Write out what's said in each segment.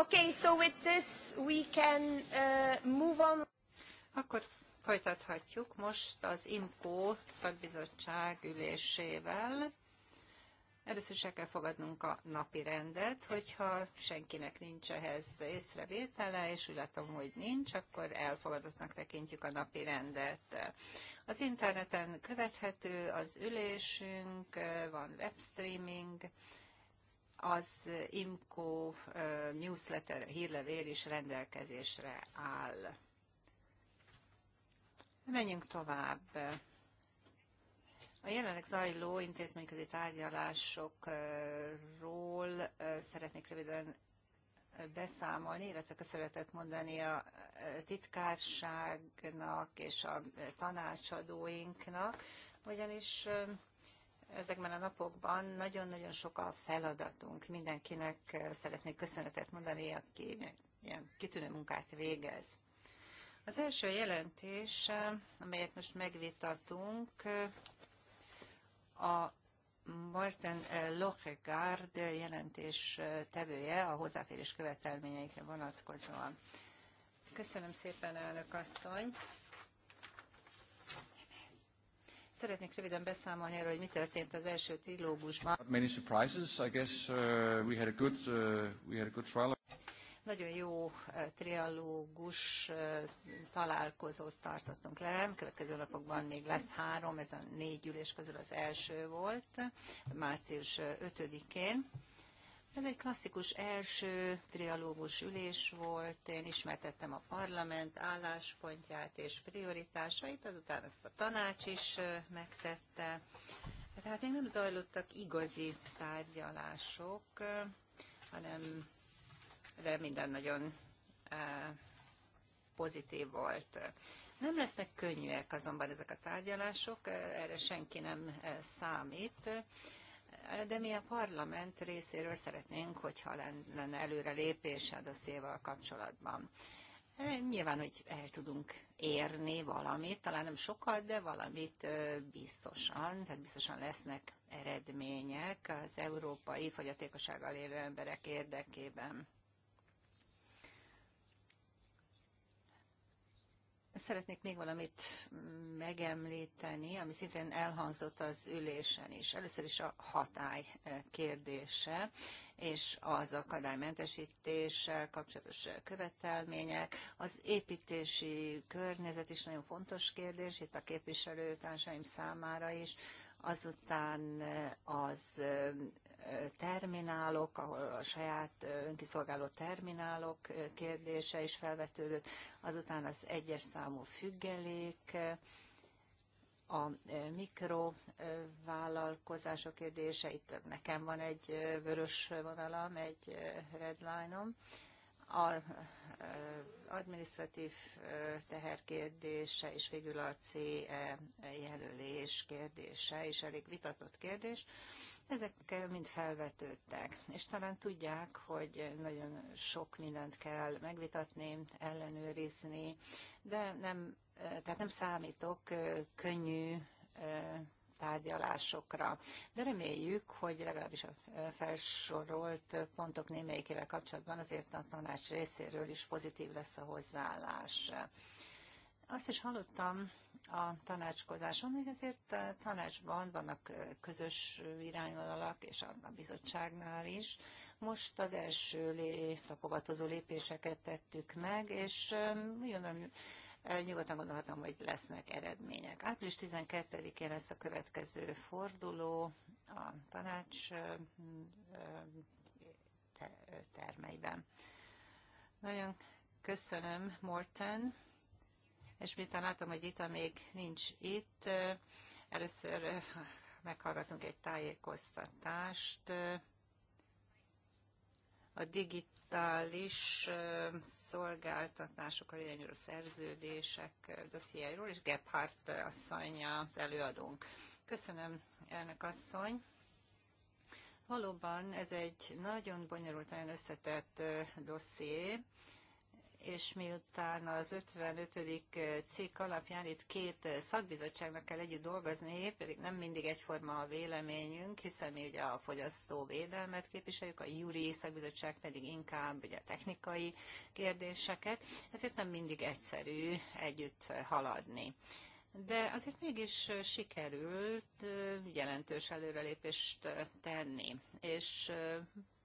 Okay, so with this we can uh, move on. Akkor folytathatjuk most az IMCO szakbizottság ülésével. Először is el kell fogadnunk a napi rendet, hogyha senkinek nincs ehhez észrevétele, és úgy látom, hogy nincs, akkor elfogadottnak tekintjük a napi rendet. Az interneten követhető az ülésünk, van webstreaming, az IMCO newsletter hírlevél is rendelkezésre áll. Menjünk tovább. A jelenleg zajló intézményközi tárgyalásokról szeretnék röviden beszámolni, illetve köszönetet mondani a titkárságnak és a tanácsadóinknak, ugyanis ezekben a napokban nagyon-nagyon sok a feladatunk. Mindenkinek eh, szeretnék köszönetet mondani, aki ilyen kitűnő munkát végez. Az első jelentés, eh, amelyet most megvitatunk, eh, a Martin Lochegard jelentés tevője a hozzáférés követelményeikre vonatkozóan. Köszönöm szépen, elnök asszony! Szeretnék röviden beszámolni arról, hogy mi történt az első trilógusban. Many surprises, I guess uh, we had a good, uh, we had a good trial. Nagyon jó uh, trialógus uh, találkozót tartottunk le. Következő napokban még lesz három, ez a négy ülés közül az első volt, március 5-én uh, ez egy klasszikus első trialógus ülés volt, én ismertettem a parlament álláspontját és prioritásait, azután ezt a tanács is megtette. Tehát még nem zajlottak igazi tárgyalások, hanem de minden nagyon pozitív volt. Nem lesznek könnyűek azonban ezek a tárgyalások, erre senki nem számít de mi a parlament részéről szeretnénk, hogyha lenne előrelépés a dosszéval kapcsolatban. E, nyilván, hogy el tudunk érni valamit, talán nem sokat, de valamit biztosan, tehát biztosan lesznek eredmények az európai fogyatékossággal élő emberek érdekében. Szeretnék még valamit megemlíteni, ami szintén elhangzott az ülésen is. Először is a hatály eh, kérdése és az akadálymentesítéssel kapcsolatos eh, követelmények. Az építési környezet is nagyon fontos kérdés, itt a képviselőtársaim számára is azután eh, az terminálok, ahol a saját önkiszolgáló terminálok kérdése is felvetődött, azután az egyes számú függelék, a mikrovállalkozások kérdése, itt nekem van egy vörös vonalam, egy redline-om, a administratív teher kérdése, és végül a CE jelölés kérdése, és elég vitatott kérdés. Ezekkel mind felvetődtek, és talán tudják, hogy nagyon sok mindent kell megvitatni, ellenőrizni, de nem, tehát nem számítok könnyű tárgyalásokra. De reméljük, hogy legalábbis a felsorolt pontok némelyikével kapcsolatban azért a tanács részéről is pozitív lesz a hozzáállás. Azt is hallottam, a tanácskozáson, hogy azért a tanácsban vannak közös irányvonalak, és a bizottságnál is. Most az első lé, tapogatózó lépéseket tettük meg, és jön, nyugodtan gondolhatom, hogy lesznek eredmények. Április 12-én lesz a következő forduló a tanács termeiben. Nagyon köszönöm, Morten és miután látom, hogy Ita még nincs itt, először eh, meghallgatunk egy tájékoztatást a digitális eh, szolgáltatásokra irányuló szerződések eh, dossziéről, és Gebhardt asszonya az előadónk. Köszönöm, elnök asszony! Valóban ez egy nagyon bonyolult, nagyon összetett dosszié, és miután az 55. cikk alapján itt két szakbizottságnak kell együtt dolgozni, pedig nem mindig egyforma a véleményünk, hiszen mi ugye a fogyasztó védelmet képviseljük, a júri szakbizottság pedig inkább ugye a technikai kérdéseket, ezért nem mindig egyszerű együtt haladni. De azért mégis sikerült jelentős előrelépést tenni, és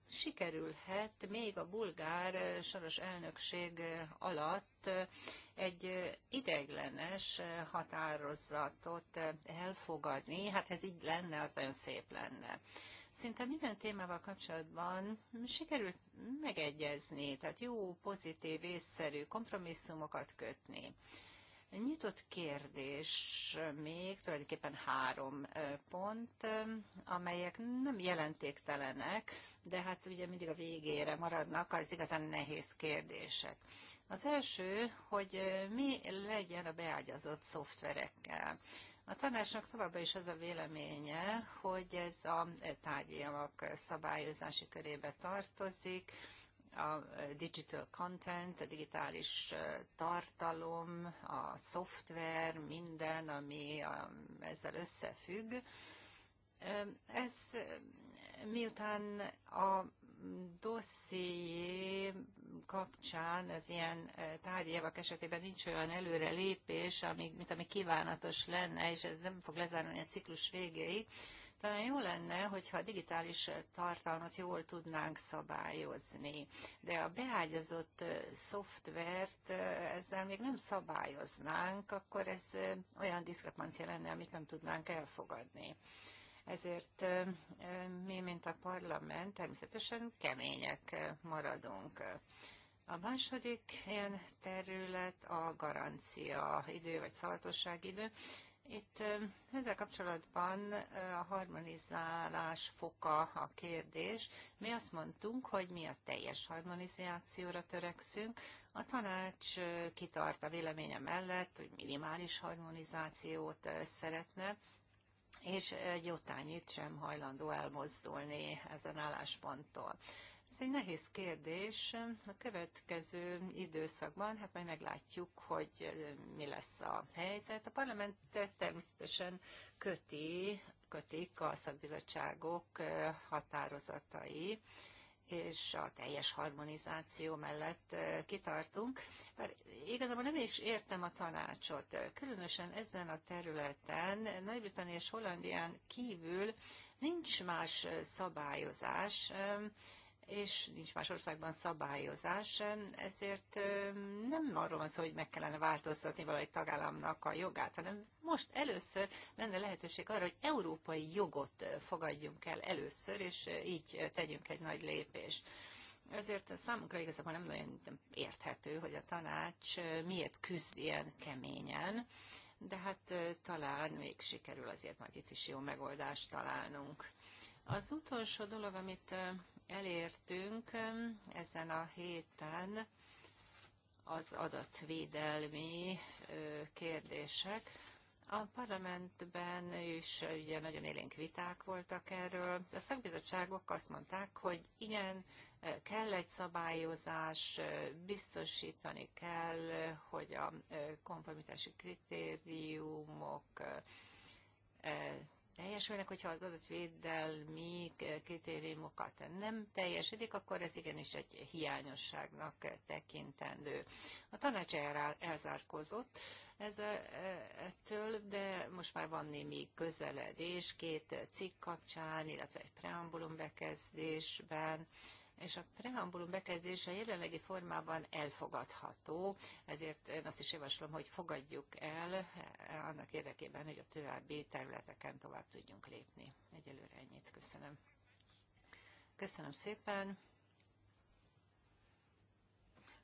sikerülhet még a bulgár eh, soros elnökség eh, alatt eh, egy ideiglenes határozatot elfogadni. Hát ez így lenne, az nagyon szép lenne szinte minden témával kapcsolatban sikerült megegyezni, tehát jó, pozitív, észszerű kompromisszumokat kötni. Nyitott kérdés még, tulajdonképpen három pont, amelyek nem jelentéktelenek, de hát ugye mindig a végére maradnak az igazán nehéz kérdések. Az első, hogy mi legyen a beágyazott szoftverekkel. A tanácsnak továbbá is az a véleménye, hogy ez a tárgyiak szabályozási körébe tartozik, a digital content, a digitális tartalom, a szoftver, minden, ami a, ezzel összefügg. Ez miután a dosszié kapcsán az ilyen tárgyjavak esetében nincs olyan előre lépés, ami, mint ami kívánatos lenne, és ez nem fog lezárni a ciklus végéig, talán jó lenne, hogyha a digitális tartalmat jól tudnánk szabályozni, de a beágyazott szoftvert ezzel még nem szabályoznánk, akkor ez olyan diszkrepancia lenne, amit nem tudnánk elfogadni. Ezért mi, mint a parlament, természetesen kemények maradunk. A második ilyen terület a garancia idő vagy idő. Itt ezzel kapcsolatban a harmonizálás foka a kérdés. Mi azt mondtunk, hogy mi a teljes harmonizációra törekszünk. A tanács kitart a véleménye mellett, hogy minimális harmonizációt szeretne és egy sem hajlandó elmozdulni ezen állásponttól. Ez egy nehéz kérdés. A következő időszakban, hát majd meglátjuk, hogy eh, mi lesz a helyzet. A parlament természetesen köti, kötik a szakbizottságok eh, határozatai, és a teljes harmonizáció mellett eh, kitartunk. Bár igazából nem is értem a tanácsot. Különösen ezen a területen, nagy és Hollandián kívül nincs más szabályozás, és nincs más országban szabályozás, ezért nem arról van szó, hogy meg kellene változtatni valahogy tagállamnak a jogát, hanem most először lenne lehetőség arra, hogy európai jogot fogadjunk el először, és így tegyünk egy nagy lépést. Ezért számunkra igazából nem nagyon érthető, hogy a tanács miért küzd ilyen keményen, de hát talán még sikerül azért majd itt is jó megoldást találnunk. Az utolsó dolog, amit elértünk um, ezen a héten, az adatvédelmi kérdések. A parlamentben is ugye nagyon élénk viták voltak erről. A szakbizottságok azt mondták, hogy igen, kell egy szabályozás, biztosítani kell, hogy a konformitási kritériumok teljesülnek, hogyha az adott védelmi kritériumokat nem teljesítik, akkor ez igenis egy hiányosságnak tekintendő. A tanács elzárkozott ez, e, ettől, de most már van némi közeledés két cikk kapcsán, illetve egy preambulum bekezdésben, és a preambulum bekezdése jelenlegi formában elfogadható, ezért én azt is javaslom, hogy fogadjuk el eh, annak érdekében, hogy a további területeken tovább tudjunk lépni. Egyelőre ennyit köszönöm. Köszönöm szépen.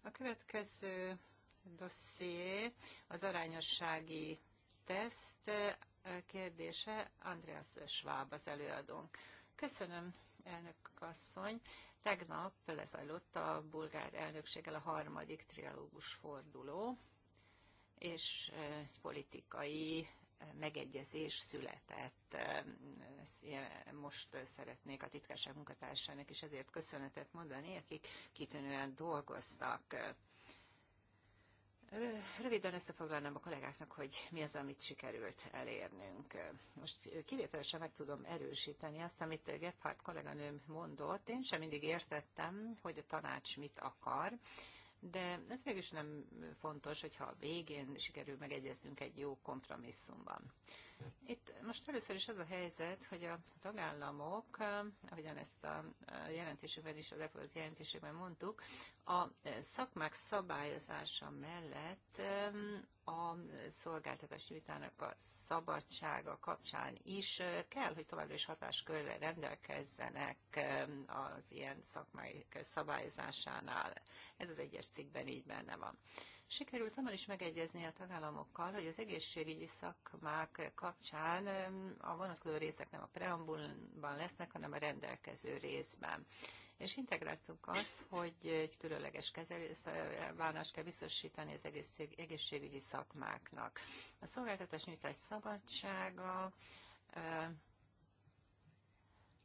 A következő dosszié az arányossági teszt eh, kérdése. Andreas Schwab az előadónk. Köszönöm, elnök asszony. Tegnap lezajlott a bulgár elnökséggel a harmadik trialógus forduló, és eh, politikai eh, megegyezés született. Most szeretnék a titkárság munkatársának is ezért köszönetet mondani, akik kitűnően dolgoztak eh, Röviden összefoglalnám a kollégáknak, hogy mi az, amit sikerült elérnünk. Most kivételesen meg tudom erősíteni azt, amit Gephardt kolléganőm mondott. Én sem mindig értettem, hogy a tanács mit akar, de ez mégis nem fontos, hogyha a végén sikerül megegyeznünk egy jó kompromisszumban. Itt most először is az a helyzet, hogy a tagállamok, ahogyan ezt a jelentésükben is, az elfogadott jelentésükben mondtuk, a szakmák szabályozása mellett a szolgáltatás nyújtának a szabadsága kapcsán is kell, hogy továbbra is hatáskörre rendelkezzenek az ilyen szakmák szabályozásánál. Ez az egyes cikkben így benne van. Sikerült abban is megegyezni a tagállamokkal, hogy az egészségügyi szakmák kapcsán a vonatkozó részek nem a preambulban lesznek, hanem a rendelkező részben. És integráltuk azt, hogy egy különleges kezelőbánást kell biztosítani az egészségügyi szakmáknak. A szolgáltatás nyújtás szabadsága,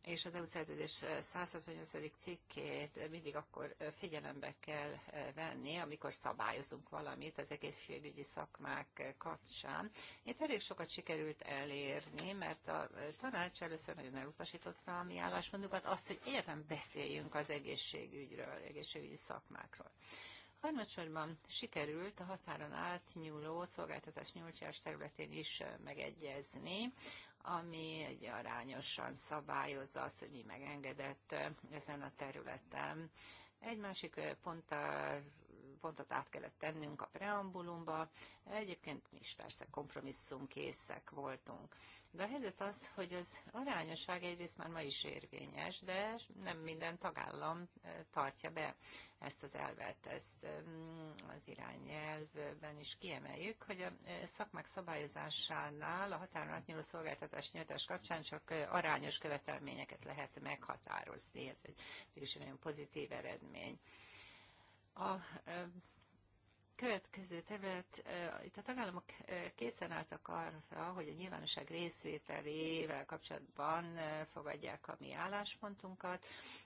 és az EU szerződés 168. cikkét mindig akkor figyelembe kell eh, venni, amikor szabályozunk valamit az egészségügyi szakmák kapcsán. Itt elég sokat sikerült elérni, mert a tanács először nagyon elutasította a mi álláspontunkat, azt, hogy egyáltalán beszéljünk az egészségügyről, egészségügyi szakmákról. Harmadsorban sikerült a határon átnyúló szolgáltatás nyújtás területén is eh, megegyezni ami egy arányosan szabályozza azt, hogy mi megengedett ezen a területen. Egy másik ponttal pontot át kellett tennünk a preambulumba. Egyébként mi is persze kompromisszumkészek voltunk. De a helyzet az, hogy az arányosság egyrészt már ma is érvényes, de nem minden tagállam eh, tartja be ezt az elvet, ezt az irányelvben is kiemeljük, hogy a eh, szakmák szabályozásánál a határon átnyúló szolgáltatás nyújtás kapcsán csak eh, arányos követelményeket lehet meghatározni. Ez egy, egy nagyon pozitív eredmény. A következő terület, itt a tagállamok készen álltak arra, hogy a nyilvánosság részvételével kapcsolatban fogadják a mi álláspontunkat,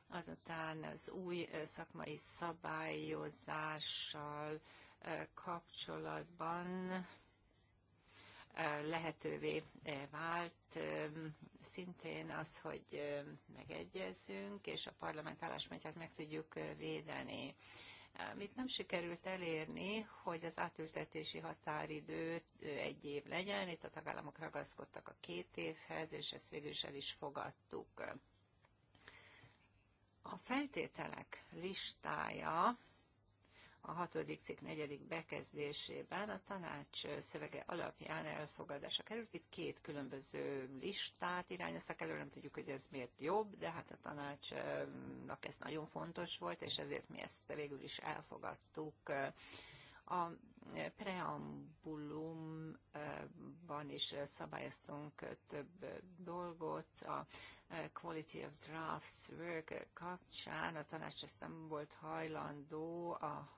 azután az új szakmai szabályozással kapcsolatban lehetővé vált szintén az, hogy megegyezünk, és a parlament álláspontját meg tudjuk védeni. Amit nem sikerült elérni, hogy az átültetési határidő egy év legyen, itt a tagállamok ragaszkodtak a két évhez, és ezt végül is el is fogadtuk. A feltételek listája a hatodik cikk negyedik bekezdésében a tanács szövege alapján elfogadása került. Itt két különböző listát irányoztak elő, nem tudjuk, hogy ez miért jobb, de hát a tanácsnak ez nagyon fontos volt, és ezért mi ezt végül is elfogadtuk. A preambulumban is szabályoztunk több dolgot, a Quality of Drafts Work kapcsán a tanács ezt nem volt hajlandó a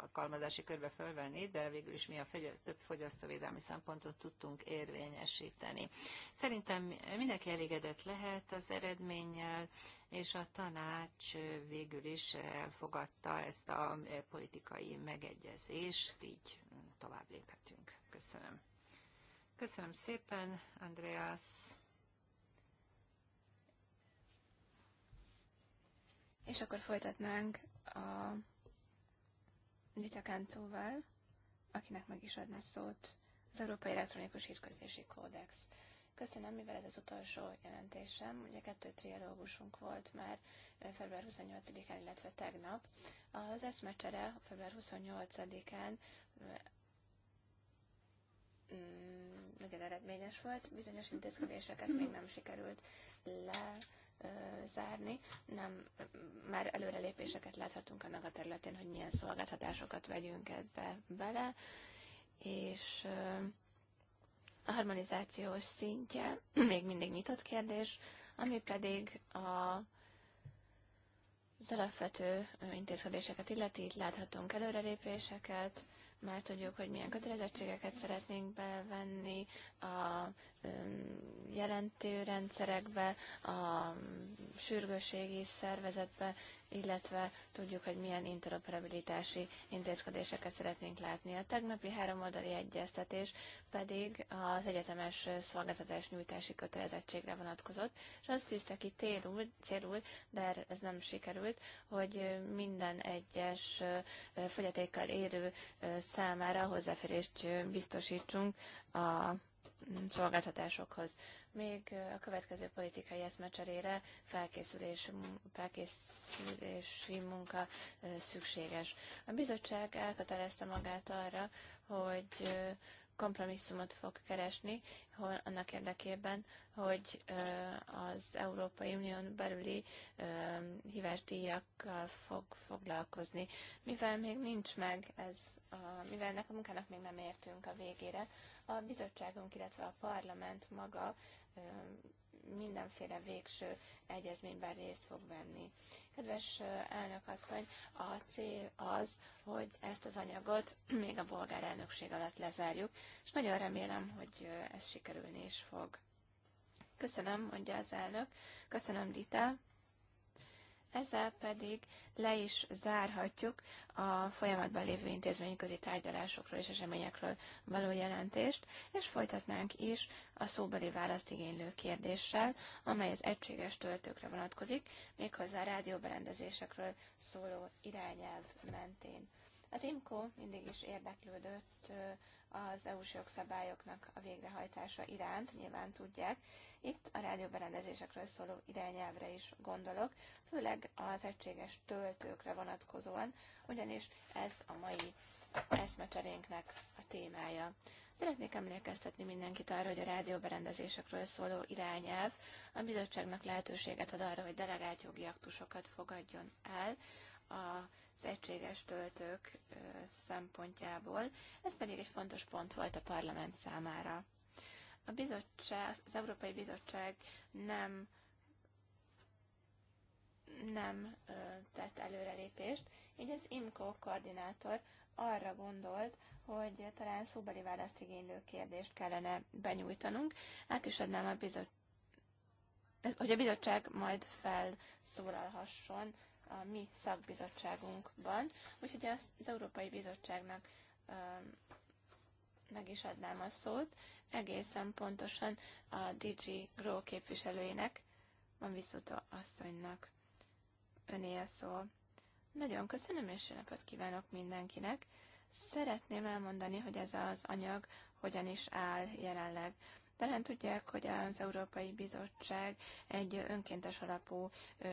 alkalmazási körbe fölvenni, de végül is mi a több fogyasztóvédelmi szempontot tudtunk érvényesíteni. Szerintem mindenki elégedett lehet az eredménnyel, és a tanács végül is elfogadta ezt a politikai megegyezést, így tovább léphetünk. Köszönöm. Köszönöm szépen, Andreas. És akkor folytatnánk a Dita akinek meg is adna szót az Európai Elektronikus Hírközlési Kódex. Köszönöm, mivel ez az utolsó jelentésem, ugye kettő trialógusunk volt már eh, február 28-án, illetve tegnap. Az eszmecsere február 28-án nagyon eh, mm, eredményes volt, bizonyos intézkedéseket még nem sikerült le zárni, nem, már előrelépéseket láthatunk annak a területén, hogy milyen szolgáltatásokat vegyünk ebbe bele, és a harmonizációs szintje még mindig nyitott kérdés, ami pedig a az alapvető intézkedéseket illeti, itt láthatunk előrelépéseket, már tudjuk, hogy milyen kötelezettségeket szeretnénk bevenni a um, jelentőrendszerekbe, a um, sürgősségi szervezetbe, illetve tudjuk, hogy milyen interoperabilitási intézkedéseket szeretnénk látni. A tegnapi háromoldali egyeztetés pedig az egyetemes szolgáltatás nyújtási kötelezettségre vonatkozott, és azt tűzte ki télul, célul, de ez nem sikerült, hogy minden egyes fogyatékkal érő számára hozzáférést biztosítsunk a mm, szolgáltatásokhoz még a következő politikai eszmecserére felkészülés, felkészülési munka szükséges. A bizottság elkötelezte magát arra, hogy kompromisszumot fog keresni annak érdekében, hogy az Európai Unión belüli hívásdíjakkal fog foglalkozni. Mivel még nincs meg ez, a, mivel ennek a munkának még nem értünk a végére, a bizottságunk, illetve a parlament maga mindenféle végső egyezményben részt fog venni. Kedves elnökasszony, a cél az, hogy ezt az anyagot még a bolgár elnökség alatt lezárjuk, és nagyon remélem, hogy ez sikerülni is fog. Köszönöm, mondja az elnök. Köszönöm, Dita. Ezzel pedig le is zárhatjuk a folyamatban lévő intézményközi tárgyalásokról és eseményekről való jelentést, és folytatnánk is a szóbeli választ igénylő kérdéssel, amely az egységes töltőkre vonatkozik, méghozzá a rádióberendezésekről szóló irányelv mentén. Az IMCO mindig is érdeklődött az EU-s jogszabályoknak a végrehajtása iránt, nyilván tudják. Itt a rádióberendezésekről szóló irányelvre is gondolok, főleg az egységes töltőkre vonatkozóan, ugyanis ez a mai eszmecserénknek a témája. Szeretnék emlékeztetni mindenkit arra, hogy a rádióberendezésekről szóló irányelv a bizottságnak lehetőséget ad arra, hogy delegált jogi aktusokat fogadjon el a az egységes töltők szempontjából. Ez pedig egy fontos pont volt a parlament számára. A bizottság, az Európai Bizottság nem nem ö, tett előrelépést, így az IMCO koordinátor arra gondolt, hogy talán szóbeli választ igénylő kérdést kellene benyújtanunk. Át is adnám a bizottság, hogy a bizottság majd felszólalhasson a mi szakbizottságunkban, úgyhogy az Európai Bizottságnak meg is adnám a szót, egészen pontosan a DG Grow képviselőjének, van Viszuta asszonynak. Öné a szó. Nagyon köszönöm, és napot kívánok mindenkinek. Szeretném elmondani, hogy ez az anyag hogyan is áll jelenleg. Talán tudják, hogy az Európai Bizottság egy önkéntes alapú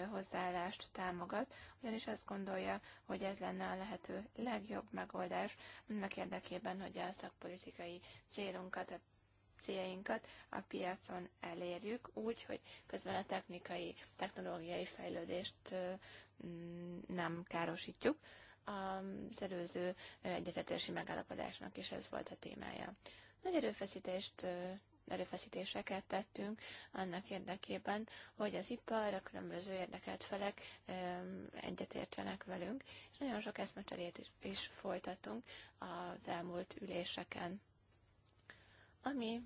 hozzáállást támogat, ugyanis azt gondolja, hogy ez lenne a lehető legjobb megoldás annak érdekében, hogy a szakpolitikai célunkat, a céljainkat a piacon elérjük, úgy, hogy közben a technikai, technológiai fejlődést mm, nem károsítjuk. Az előző egyetetési megállapodásnak is ez volt a témája. Nagy erőfeszítést erőfeszítéseket tettünk annak érdekében, hogy az ipar, a különböző érdekelt felek egyetértsenek velünk, és nagyon sok eszmecserét is folytatunk az elmúlt üléseken. Ami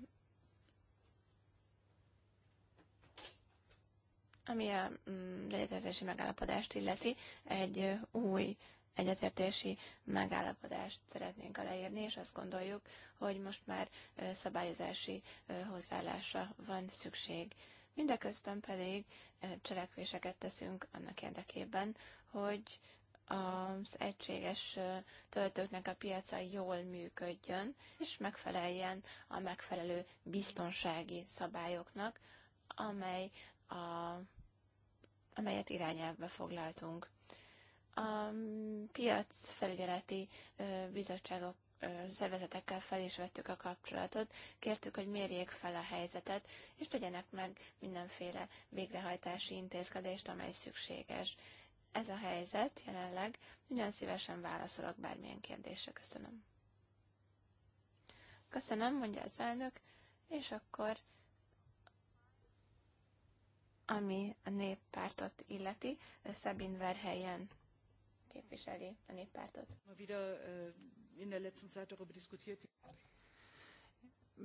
ami a mm, létezési megállapodást illeti, egy új egyetértési megállapodást szeretnénk aláírni, és azt gondoljuk, hogy most már szabályozási hozzáállásra van szükség. Mindeközben pedig cselekvéseket teszünk annak érdekében, hogy az egységes töltőknek a piaca jól működjön, és megfeleljen a megfelelő biztonsági szabályoknak, amely a, amelyet irányelvbe foglaltunk a felügyeleti bizottságok szervezetekkel fel is vettük a kapcsolatot, kértük, hogy mérjék fel a helyzetet, és tegyenek meg mindenféle végrehajtási intézkedést, amely szükséges. Ez a helyzet jelenleg, nagyon szívesen válaszolok bármilyen kérdésre. Köszönöm. Köszönöm, mondja az elnök, és akkor ami a néppártot illeti, Szabin Verhelyen képviseli a néppártot. Äh,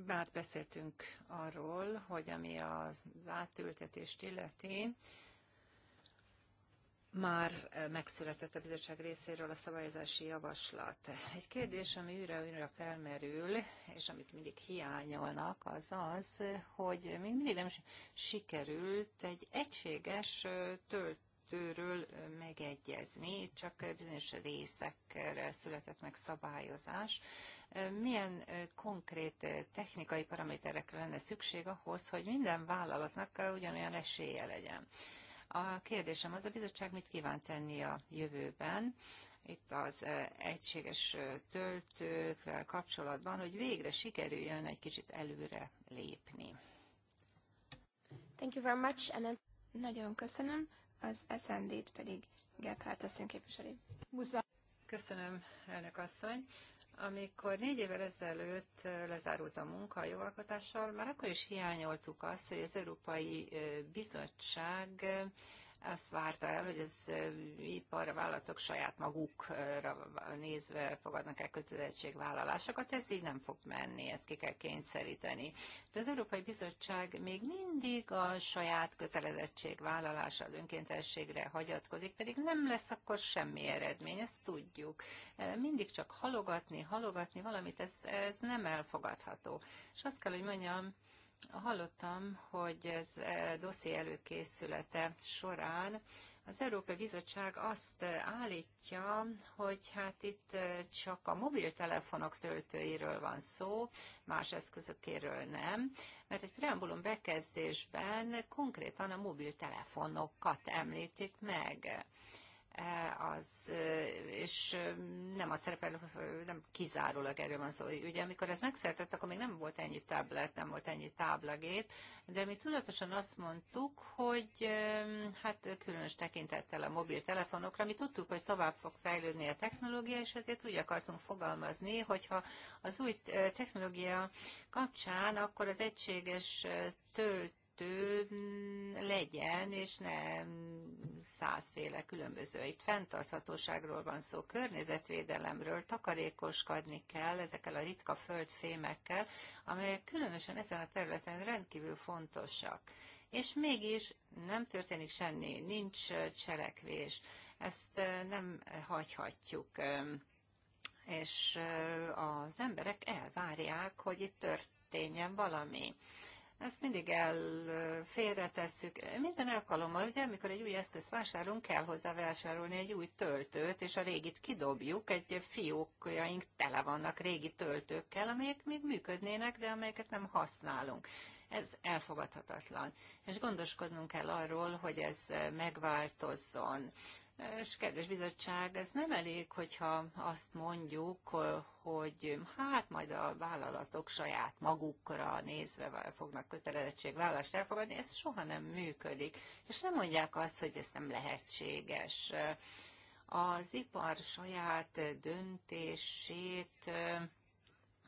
már beszéltünk arról, hogy ami az átültetést illeti, már megszületett a bizottság részéről a szabályozási javaslat. Egy kérdés, ami újra-újra felmerül, és amit mindig hiányolnak, az az, hogy még mindig nem sikerült egy egységes tölt kettőről megegyezni, csak bizonyos részekre született meg szabályozás. Milyen konkrét technikai paraméterekre lenne szükség ahhoz, hogy minden vállalatnak ugyanolyan esélye legyen? A kérdésem az, a bizottság mit kíván tenni a jövőben, itt az egységes töltőkvel kapcsolatban, hogy végre sikerüljön egy kicsit előre lépni. Thank you very much. And Nagyon köszönöm az SND-t pedig Gebhardt a szünképviselő. Köszönöm, elnök asszony. Amikor négy évvel ezelőtt lezárult a munka a jogalkotással, már akkor is hiányoltuk azt, hogy az Európai Bizottság azt várta el, hogy az ipar, a vállalatok saját magukra nézve fogadnak el kötelezettségvállalásokat, ez így nem fog menni, ezt ki kell kényszeríteni. De az Európai Bizottság még mindig a saját kötelezettségvállalása, az önkéntességre hagyatkozik, pedig nem lesz akkor semmi eredmény, ezt tudjuk. Mindig csak halogatni, halogatni valamit, ez, ez nem elfogadható. És azt kell, hogy mondjam, Hallottam, hogy ez e, doszi előkészülete során az Európai Bizottság azt állítja, hogy hát itt e, csak a mobiltelefonok töltőiről van szó, más eszközökéről nem, mert egy preambulum bekezdésben konkrétan a mobiltelefonokat említik meg. E, az, e, és e, nem a szerepel, nem kizárólag erről van szó. Ugye amikor ez megszertett, akkor még nem volt ennyi tablet, nem volt ennyi táblagép, de mi tudatosan azt mondtuk, hogy hát különös tekintettel a mobiltelefonokra, mi tudtuk, hogy tovább fog fejlődni a technológia, és ezért úgy akartunk fogalmazni, hogyha az új technológia kapcsán, akkor az egységes tölt kettő legyen, és ne százféle különböző. Itt fenntarthatóságról van szó, környezetvédelemről, takarékoskodni kell ezekkel a ritka földfémekkel, amelyek különösen ezen a területen rendkívül fontosak. És mégis nem történik semmi, nincs cselekvés. Ezt nem hagyhatjuk és az emberek elvárják, hogy itt történjen valami. Ezt mindig elfélretesszük. Minden alkalommal, ugye, amikor egy új eszközt vásárolunk, kell hozzá vásárolni egy új töltőt, és a régit kidobjuk, egy fiókjaink tele vannak régi töltőkkel, amelyek még működnének, de amelyeket nem használunk. Ez elfogadhatatlan. És gondoskodnunk kell arról, hogy ez megváltozzon. És kedves bizottság, ez nem elég, hogyha azt mondjuk, hogy hát majd a vállalatok saját magukra nézve fognak kötelezettségvállalást elfogadni, ez soha nem működik. És nem mondják azt, hogy ez nem lehetséges. Az ipar saját döntését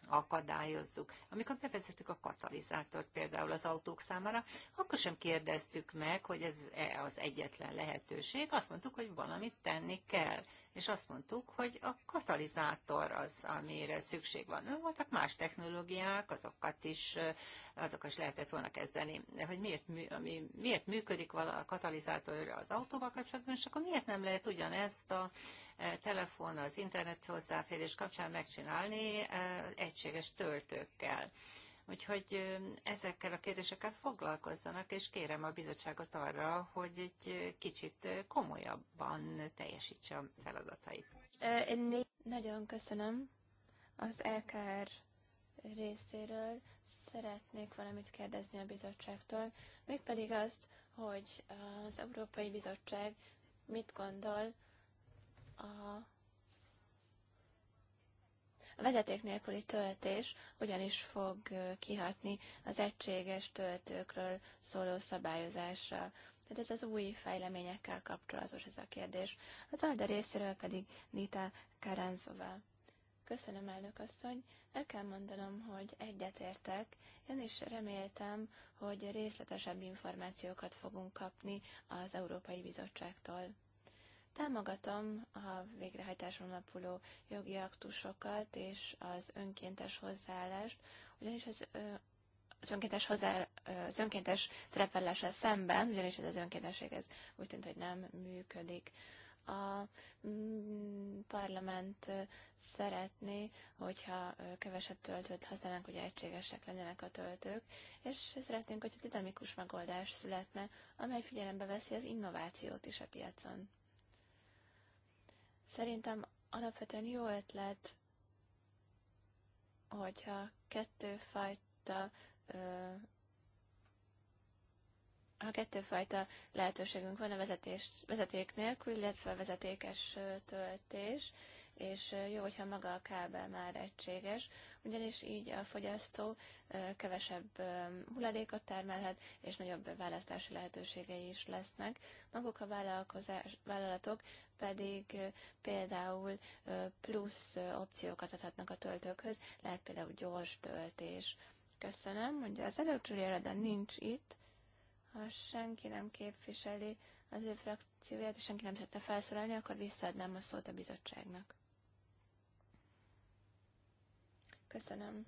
akadályozzuk. Amikor bevezettük a katalizátort például az autók számára, akkor sem kérdeztük meg, hogy ez e az egyetlen lehetőség. Azt mondtuk, hogy valamit tenni kell és azt mondtuk, hogy a katalizátor az, amire szükség van. Voltak más technológiák, azokat is, azok is lehetett volna kezdeni, hogy miért, ami, miért működik a katalizátor az autóval kapcsolatban, és akkor miért nem lehet ugyanezt a e, telefon, az internet hozzáférés kapcsán megcsinálni e, egységes töltőkkel. Úgyhogy ezekkel a kérdésekkel foglalkozzanak, és kérem a bizottságot arra, hogy egy kicsit komolyabban teljesítse a feladatait. Én nagyon köszönöm az LKR részéről szeretnék valamit kérdezni a bizottságtól, mégpedig azt, hogy az Európai Bizottság mit gondol a a vezeték nélküli töltés ugyanis fog kihatni az egységes töltőkről szóló szabályozásra. Tehát ez az új fejleményekkel kapcsolatos ez a kérdés. Az alda részéről pedig Nita Karanzova. Köszönöm, elnök asszony. El kell mondanom, hogy egyetértek. Én is reméltem, hogy részletesebb információkat fogunk kapni az Európai Bizottságtól. Támogatom a végrehajtáson alapuló jogi aktusokat és az önkéntes hozzáállást, ugyanis az az önkéntes, hozzá, az önkéntes szerepellése szemben, ugyanis ez az önkéntesség ez úgy tűnt, hogy nem működik. A mm, parlament szeretné, hogyha kevesebb töltőt használnánk, hogy egységesek lennének a töltők, és szeretnénk, hogy egy dinamikus megoldás születne, amely figyelembe veszi az innovációt is a piacon. Szerintem alapvetően jó ötlet, hogyha kettőfajta ö, ha kettőfajta lehetőségünk van a vezetés, vezeték nélkül, illetve a vezetékes töltés, és jó, hogyha maga a kábel már egységes, ugyanis így a fogyasztó kevesebb hulladékot termelhet, és nagyobb választási lehetőségei is lesznek. Maguk a vállalkozás, vállalatok pedig például plusz opciókat adhatnak a töltőkhöz, lehet például gyors töltés. Köszönöm, mondja az előtt de nincs itt, ha senki nem képviseli az ő frakcióját, és senki nem szeretne felszólalni, akkor visszaadnám a szót a bizottságnak. Köszönöm.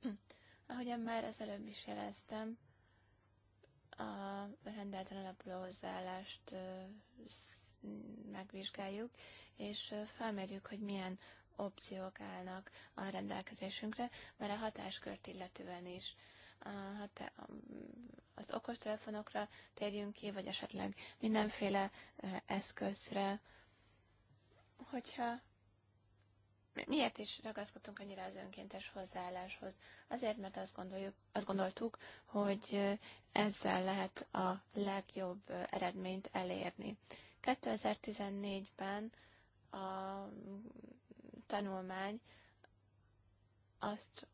Ahogyan már előbb is jeleztem, a rendelten alapuló hozzáállást megvizsgáljuk, és felmérjük, hogy milyen opciók állnak a rendelkezésünkre, mert a hatáskört illetően is. A hatá- az okostelefonokra térjünk ki, vagy esetleg mindenféle eszközre, hogyha miért is ragaszkodtunk annyira az önkéntes hozzáálláshoz? Azért, mert azt, gondoljuk, azt gondoltuk, hogy ezzel lehet a legjobb eredményt elérni. 2014-ben a tanulmány azt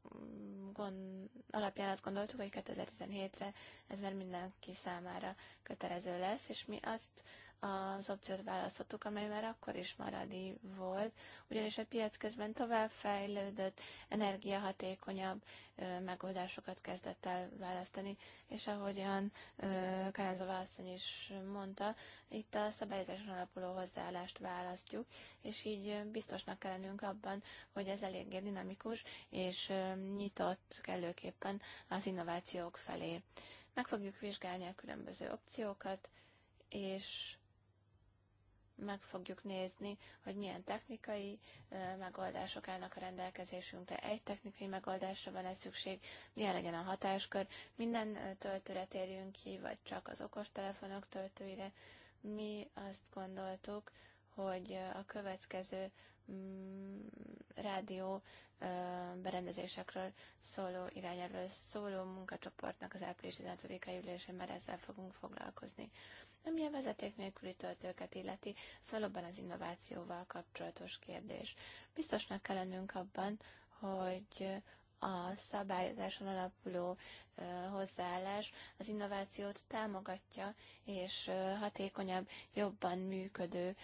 gond, alapján azt gondoltuk, hogy 2017-re ez már mindenki számára kötelező lesz, és mi azt az opciót választottuk, amely már akkor is maradi volt, ugyanis a piac közben tovább fejlődött, energiahatékonyabb ö, megoldásokat kezdett el választani, és ahogyan Kánzova asszony is mondta, itt a szabályozáson alapuló hozzáállást választjuk, és így biztosnak kell lennünk abban, hogy ez eléggé dinamikus és ö, nyitott kellőképpen az innovációk felé. Meg fogjuk vizsgálni a különböző opciókat, és meg fogjuk nézni, hogy milyen technikai megoldások állnak a rendelkezésünkre, egy technikai megoldásra van-e szükség, milyen legyen a hatáskör, minden töltőre térjünk ki, vagy csak az okostelefonok töltőire. Mi azt gondoltuk, hogy a következő mm, rádió berendezésekről szóló irányelvről szóló munkacsoportnak az április 15-i ülésén már ezzel fogunk foglalkozni. Ami a vezeték nélküli töltőket illeti, valóban szóval az innovációval kapcsolatos kérdés. Biztosnak kell lennünk abban, hogy a szabályozáson alapuló hozzáállás az innovációt támogatja, és hatékonyabb, jobban működő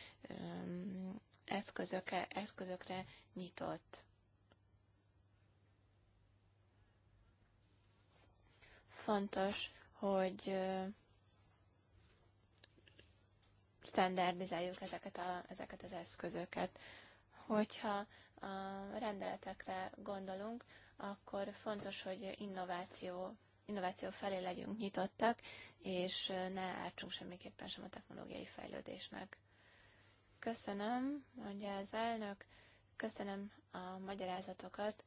eszközökre, eszközökre nyitott. Fontos, hogy standardizáljuk ezeket, a, ezeket az eszközöket. Hogyha a rendeletekre gondolunk, akkor fontos, hogy innováció, innováció felé legyünk nyitottak, és ne ártsunk semmiképpen sem a technológiai fejlődésnek. Köszönöm, mondja az elnök, köszönöm a magyarázatokat.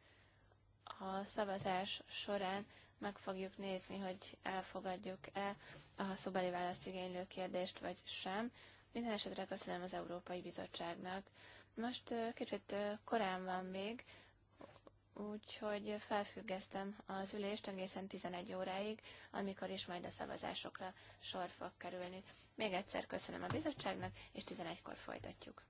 A szavazás során meg fogjuk nézni, hogy elfogadjuk-e a szobeli válaszigénylő igénylő kérdést, vagy sem. Minden esetre köszönöm az Európai Bizottságnak. Most kicsit korán van még, úgyhogy felfüggesztem az ülést egészen 11 óráig, amikor is majd a szavazásokra sor fog kerülni. Még egyszer köszönöm a bizottságnak, és 11-kor folytatjuk.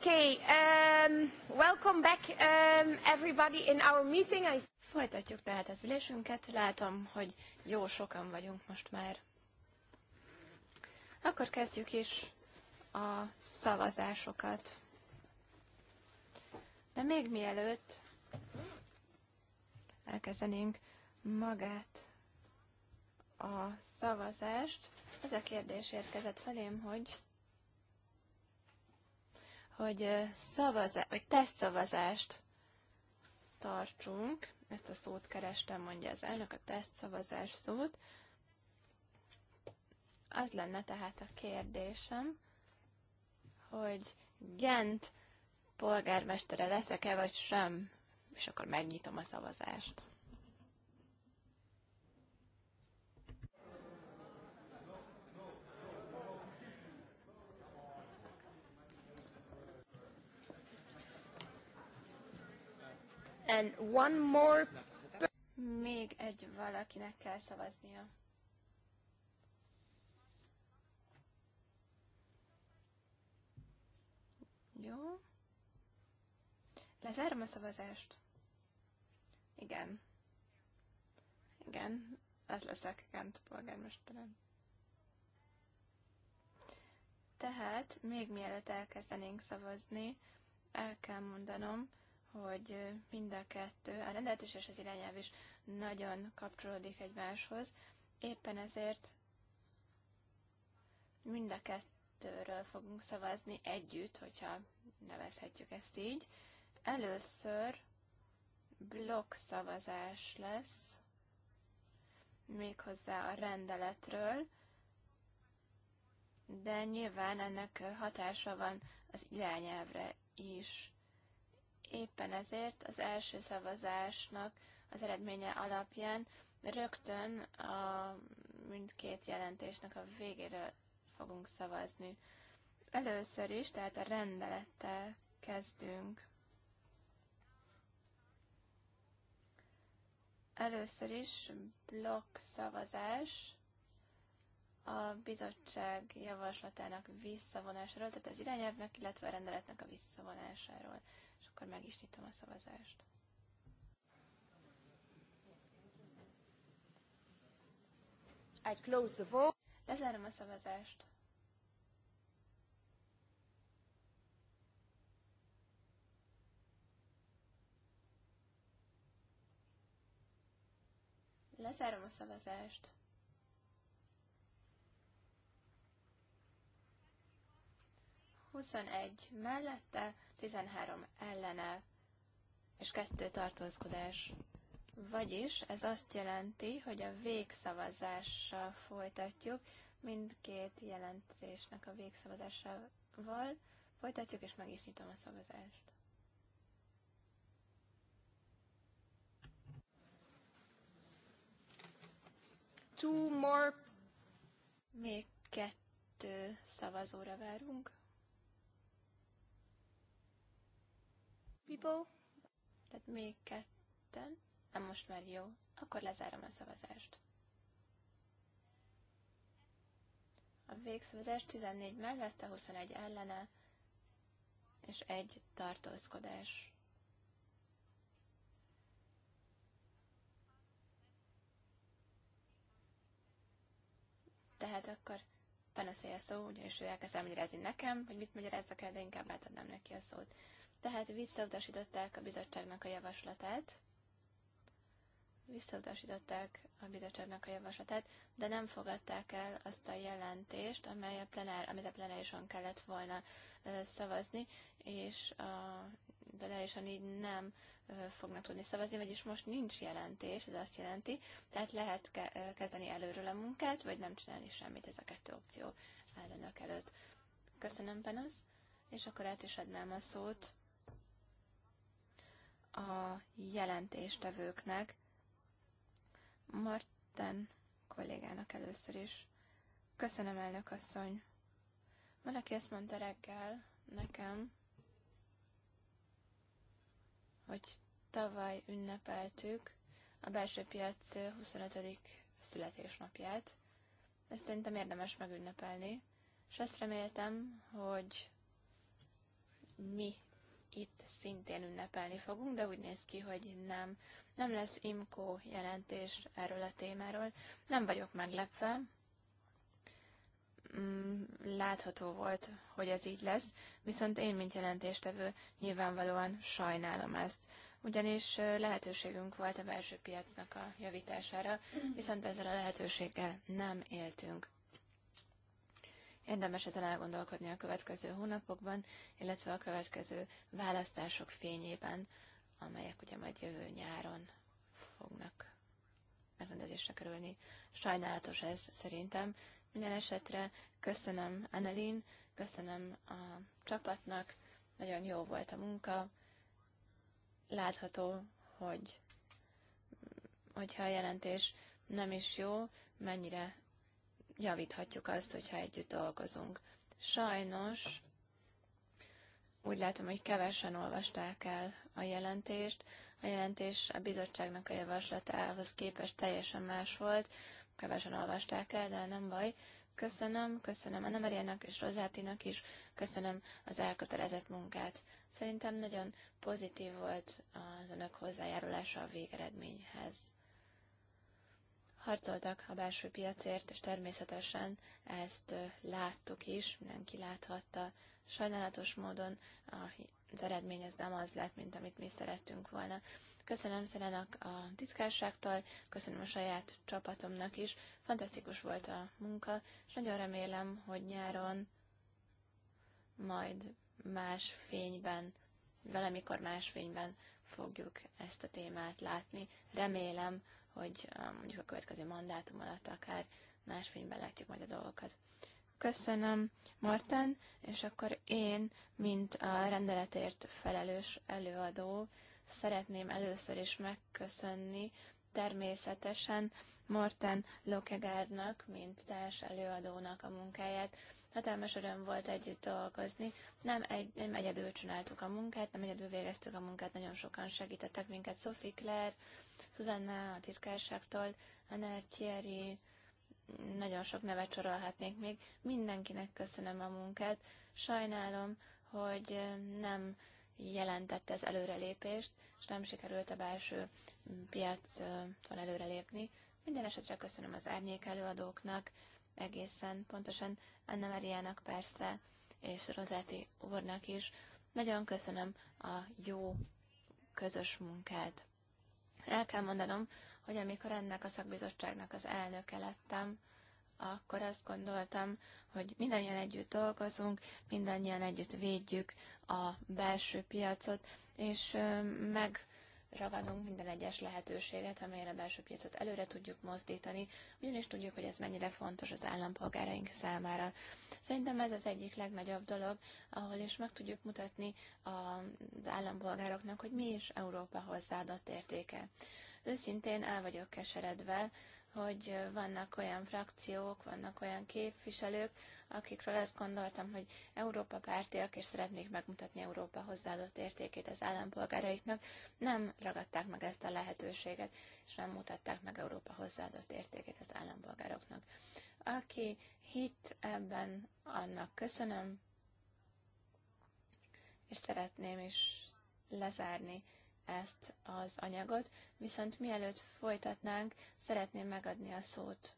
Okay, um, welcome back um, everybody in our meeting. I... Folytatjuk tehát az ülésünket. Látom, hogy jó sokan vagyunk most már. Akkor kezdjük is a szavazásokat. De még mielőtt elkezdenénk magát a szavazást, ez a kérdés érkezett felém, hogy hogy, szavazá, vagy tesztszavazást tartsunk, ezt a szót kerestem, mondja az elnök, a tesztszavazás szót. Az lenne tehát a kérdésem, hogy Gent polgármestere leszek-e, vagy sem, és akkor megnyitom a szavazást. And one more... Még egy valakinek kell szavaznia. Jó. Lezárom a szavazást. Igen. Igen, ez leszek Kent polgármesterem. Tehát, még mielőtt elkezdenénk szavazni, el kell mondanom, hogy mind a kettő, a rendeltős és az irányelv is nagyon kapcsolódik egymáshoz, éppen ezért mind a kettőről fogunk szavazni együtt, hogyha nevezhetjük ezt így. Először blokk szavazás lesz, méghozzá a rendeletről, de nyilván ennek hatása van az irányelvre is. Éppen ezért az első szavazásnak az eredménye alapján rögtön a mindkét jelentésnek a végéről fogunk szavazni. Először is, tehát a rendelettel kezdünk. Először is blokk szavazás a bizottság javaslatának visszavonásáról, tehát az irányelvnek, illetve a rendeletnek a visszavonásáról akkor meg is nyitom a szavazást. I close the vote. Lezárom a szavazást. Lezárom a szavazást. 21 mellette, 13 ellene, és 2 tartózkodás. Vagyis ez azt jelenti, hogy a végszavazással folytatjuk, mindkét jelentésnek a végszavazásával folytatjuk, és meg is nyitom a szavazást. Two more. Még kettő szavazóra várunk. people? Tehát még ketten? Nem, most már jó. Akkor lezárom a szavazást. A végszavazás 14 mellette, 21 ellene, és egy tartózkodás. Tehát akkor a szó, ugyanis ő elkezd elmagyarázni nekem, hogy mit magyarázzak el, de inkább átadnám neki a szót tehát visszautasították a bizottságnak a javaslatát, visszautasították a bizottságnak a javaslatát, de nem fogadták el azt a jelentést, amely a plenár, amit a plenárison kellett volna ö, szavazni, és a plenárison így nem ö, fognak tudni szavazni, vagyis most nincs jelentés, ez azt jelenti, tehát lehet ke- kezdeni előről a munkát, vagy nem csinálni semmit, ez a kettő opció áll előtt. Köszönöm, Panasz, és akkor át is adnám a szót a jelentéstevőknek, Marten kollégának először is. Köszönöm, elnök asszony. Valaki azt mondta reggel nekem, hogy tavaly ünnepeltük a belső piac 25. születésnapját. Ezt szerintem érdemes megünnepelni, és azt reméltem, hogy mi itt szintén ünnepelni fogunk, de úgy néz ki, hogy nem. Nem lesz imkó jelentés erről a témáról. Nem vagyok meglepve. Mm, látható volt, hogy ez így lesz, viszont én, mint jelentéstevő, nyilvánvalóan sajnálom ezt ugyanis lehetőségünk volt a belső piacnak a javítására, viszont ezzel a lehetőséggel nem éltünk. Érdemes ezen elgondolkodni a következő hónapokban, illetve a következő választások fényében, amelyek ugye majd jövő nyáron fognak megrendezésre kerülni. Sajnálatos ez szerintem. Minden esetre köszönöm Annelin, köszönöm a csapatnak, nagyon jó volt a munka. Látható, hogy hogyha a jelentés nem is jó, mennyire javíthatjuk azt, hogyha együtt dolgozunk. Sajnos úgy látom, hogy kevesen olvasták el a jelentést. A jelentés a bizottságnak a javaslatához képest teljesen más volt. Kevesen olvasták el, de nem baj. Köszönöm, köszönöm Anna Mariának és Rozátinak is, köszönöm az elkötelezett munkát. Szerintem nagyon pozitív volt az önök hozzájárulása a végeredményhez harcoltak a belső piacért, és természetesen ezt láttuk is, mindenki láthatta. Sajnálatos módon az eredmény ez nem az lett, mint amit mi szerettünk volna. Köszönöm szépen a titkárságtól, köszönöm a saját csapatomnak is. Fantasztikus volt a munka, és nagyon remélem, hogy nyáron majd más fényben, valamikor más fényben fogjuk ezt a témát látni. Remélem, hogy mondjuk a következő mandátum alatt akár másfényben látjuk majd a dolgokat. Köszönöm, Martin, és akkor én, mint a rendeletért felelős előadó, szeretném először is megköszönni természetesen Morten Lokegárnak, mint társ előadónak a munkáját, hatalmas öröm volt együtt dolgozni. Nem, egy, nem egyedül csináltuk a munkát, nem egyedül végeztük a munkát, nagyon sokan segítettek minket, Sophie Claire, Susanna a titkárságtól, Anel Thierry, nagyon sok nevet sorolhatnék még. Mindenkinek köszönöm a munkát. Sajnálom, hogy nem jelentette ez előrelépést, és nem sikerült a belső piacon előrelépni. Minden esetre köszönöm az árnyék előadóknak, egészen pontosan Anna Mariának persze, és Rosetti úrnak is. Nagyon köszönöm a jó közös munkát. El kell mondanom, hogy amikor ennek a szakbizottságnak az elnöke lettem, akkor azt gondoltam, hogy mindannyian együtt dolgozunk, mindannyian együtt védjük a belső piacot, és meg ragadunk minden egyes lehetőséget, amelyre a belső piacot előre tudjuk mozdítani, ugyanis tudjuk, hogy ez mennyire fontos az állampolgáraink számára. Szerintem ez az egyik legnagyobb dolog, ahol is meg tudjuk mutatni az állampolgároknak, hogy mi is Európa hozzáadott értéke. Őszintén el vagyok keseredve hogy vannak olyan frakciók, vannak olyan képviselők, akikről azt gondoltam, hogy Európa pártiak, és szeretnék megmutatni Európa hozzáadott értékét az állampolgáraiknak, nem ragadták meg ezt a lehetőséget, és nem mutatták meg Európa hozzáadott értékét az állampolgároknak. Aki hit ebben, annak köszönöm, és szeretném is lezárni ezt az anyagot, viszont mielőtt folytatnánk, szeretném megadni a szót.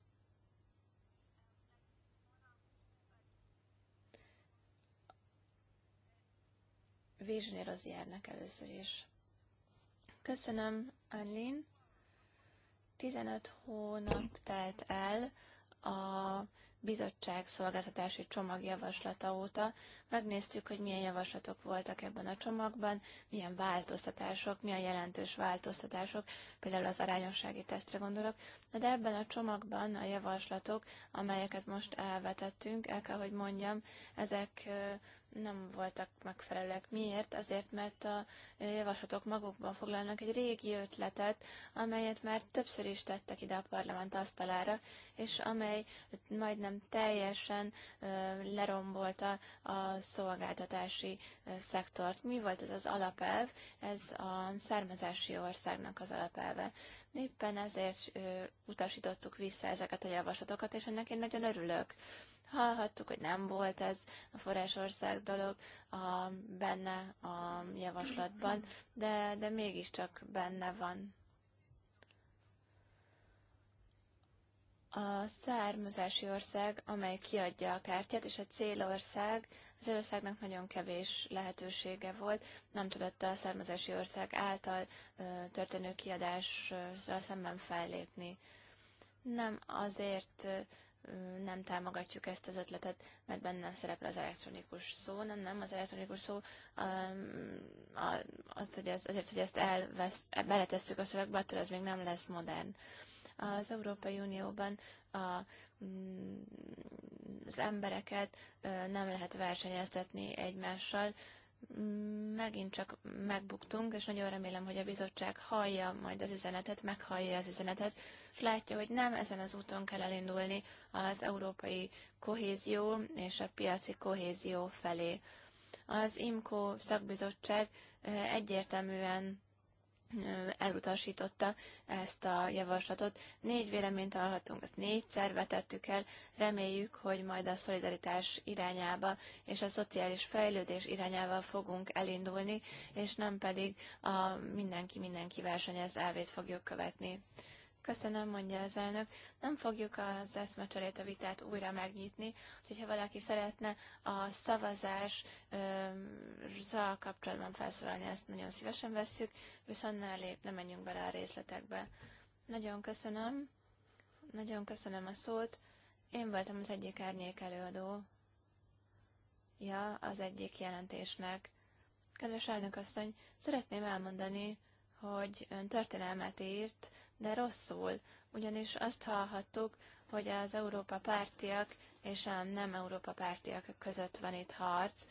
Vizsnyi Roziernek először is. Köszönöm, Anlin. 15 hónap telt el a bizottság szolgáltatási csomagjavaslata óta, megnéztük, hogy milyen javaslatok voltak ebben a csomagban, milyen változtatások, milyen jelentős változtatások, például az arányossági tesztre gondolok, de ebben a csomagban a javaslatok, amelyeket most elvetettünk, el kell, hogy mondjam, ezek nem voltak megfelelőek. Miért? Azért, mert a javaslatok magukban foglalnak egy régi ötletet, amelyet már többször is tettek ide a parlament asztalára, és amely majdnem teljesen lerombolta a szolgáltatási szektort. Mi volt ez az alapelv? Ez a származási országnak az alapelve. Éppen ezért utasítottuk vissza ezeket a javaslatokat, és ennek én nagyon örülök. Hallhattuk, hogy nem volt ez a forrásország dolog a, benne a javaslatban, de, de mégiscsak benne van a származási ország, amely kiadja a kártyát, és a célország, az országnak nagyon kevés lehetősége volt, nem tudott a származási ország által ö, történő kiadásra szemben fellépni. Nem azért ö, nem támogatjuk ezt az ötletet, mert bennem szerepel az elektronikus szó, nem, nem, az elektronikus szó ö, um, az, hogy az, azért, hogy ezt elvesz, beletesszük a szövegbe, attól ez még nem lesz modern az Európai Unióban a, mm, az embereket nem lehet versenyeztetni egymással, megint csak megbuktunk, és nagyon remélem, hogy a bizottság hallja majd az üzenetet, meghallja az üzenetet, és látja, hogy nem ezen az úton kell elindulni az európai kohézió és a piaci kohézió felé. Az IMCO szakbizottság egyértelműen elutasította ezt a javaslatot. Négy véleményt hallhatunk, ezt négyszer vetettük el. Reméljük, hogy majd a szolidaritás irányába és a szociális fejlődés irányába fogunk elindulni, és nem pedig a mindenki-mindenki versenyez elvét fogjuk követni. Köszönöm, mondja az elnök. Nem fogjuk az eszmecserét, a vitát újra megnyitni, úgyhogy ha valaki szeretne a szavazással kapcsolatban felszólalni, ezt nagyon szívesen vesszük, viszont ne, lép, ne menjünk bele a részletekbe. Nagyon köszönöm, nagyon köszönöm a szót. Én voltam az egyik árnyék előadó. Ja, az egyik jelentésnek. Kedves elnök asszony, szeretném elmondani, hogy ön történelmet írt, de rosszul, ugyanis azt hallhattuk, hogy az Európa pártiak és a nem Európa pártiak között van itt harc,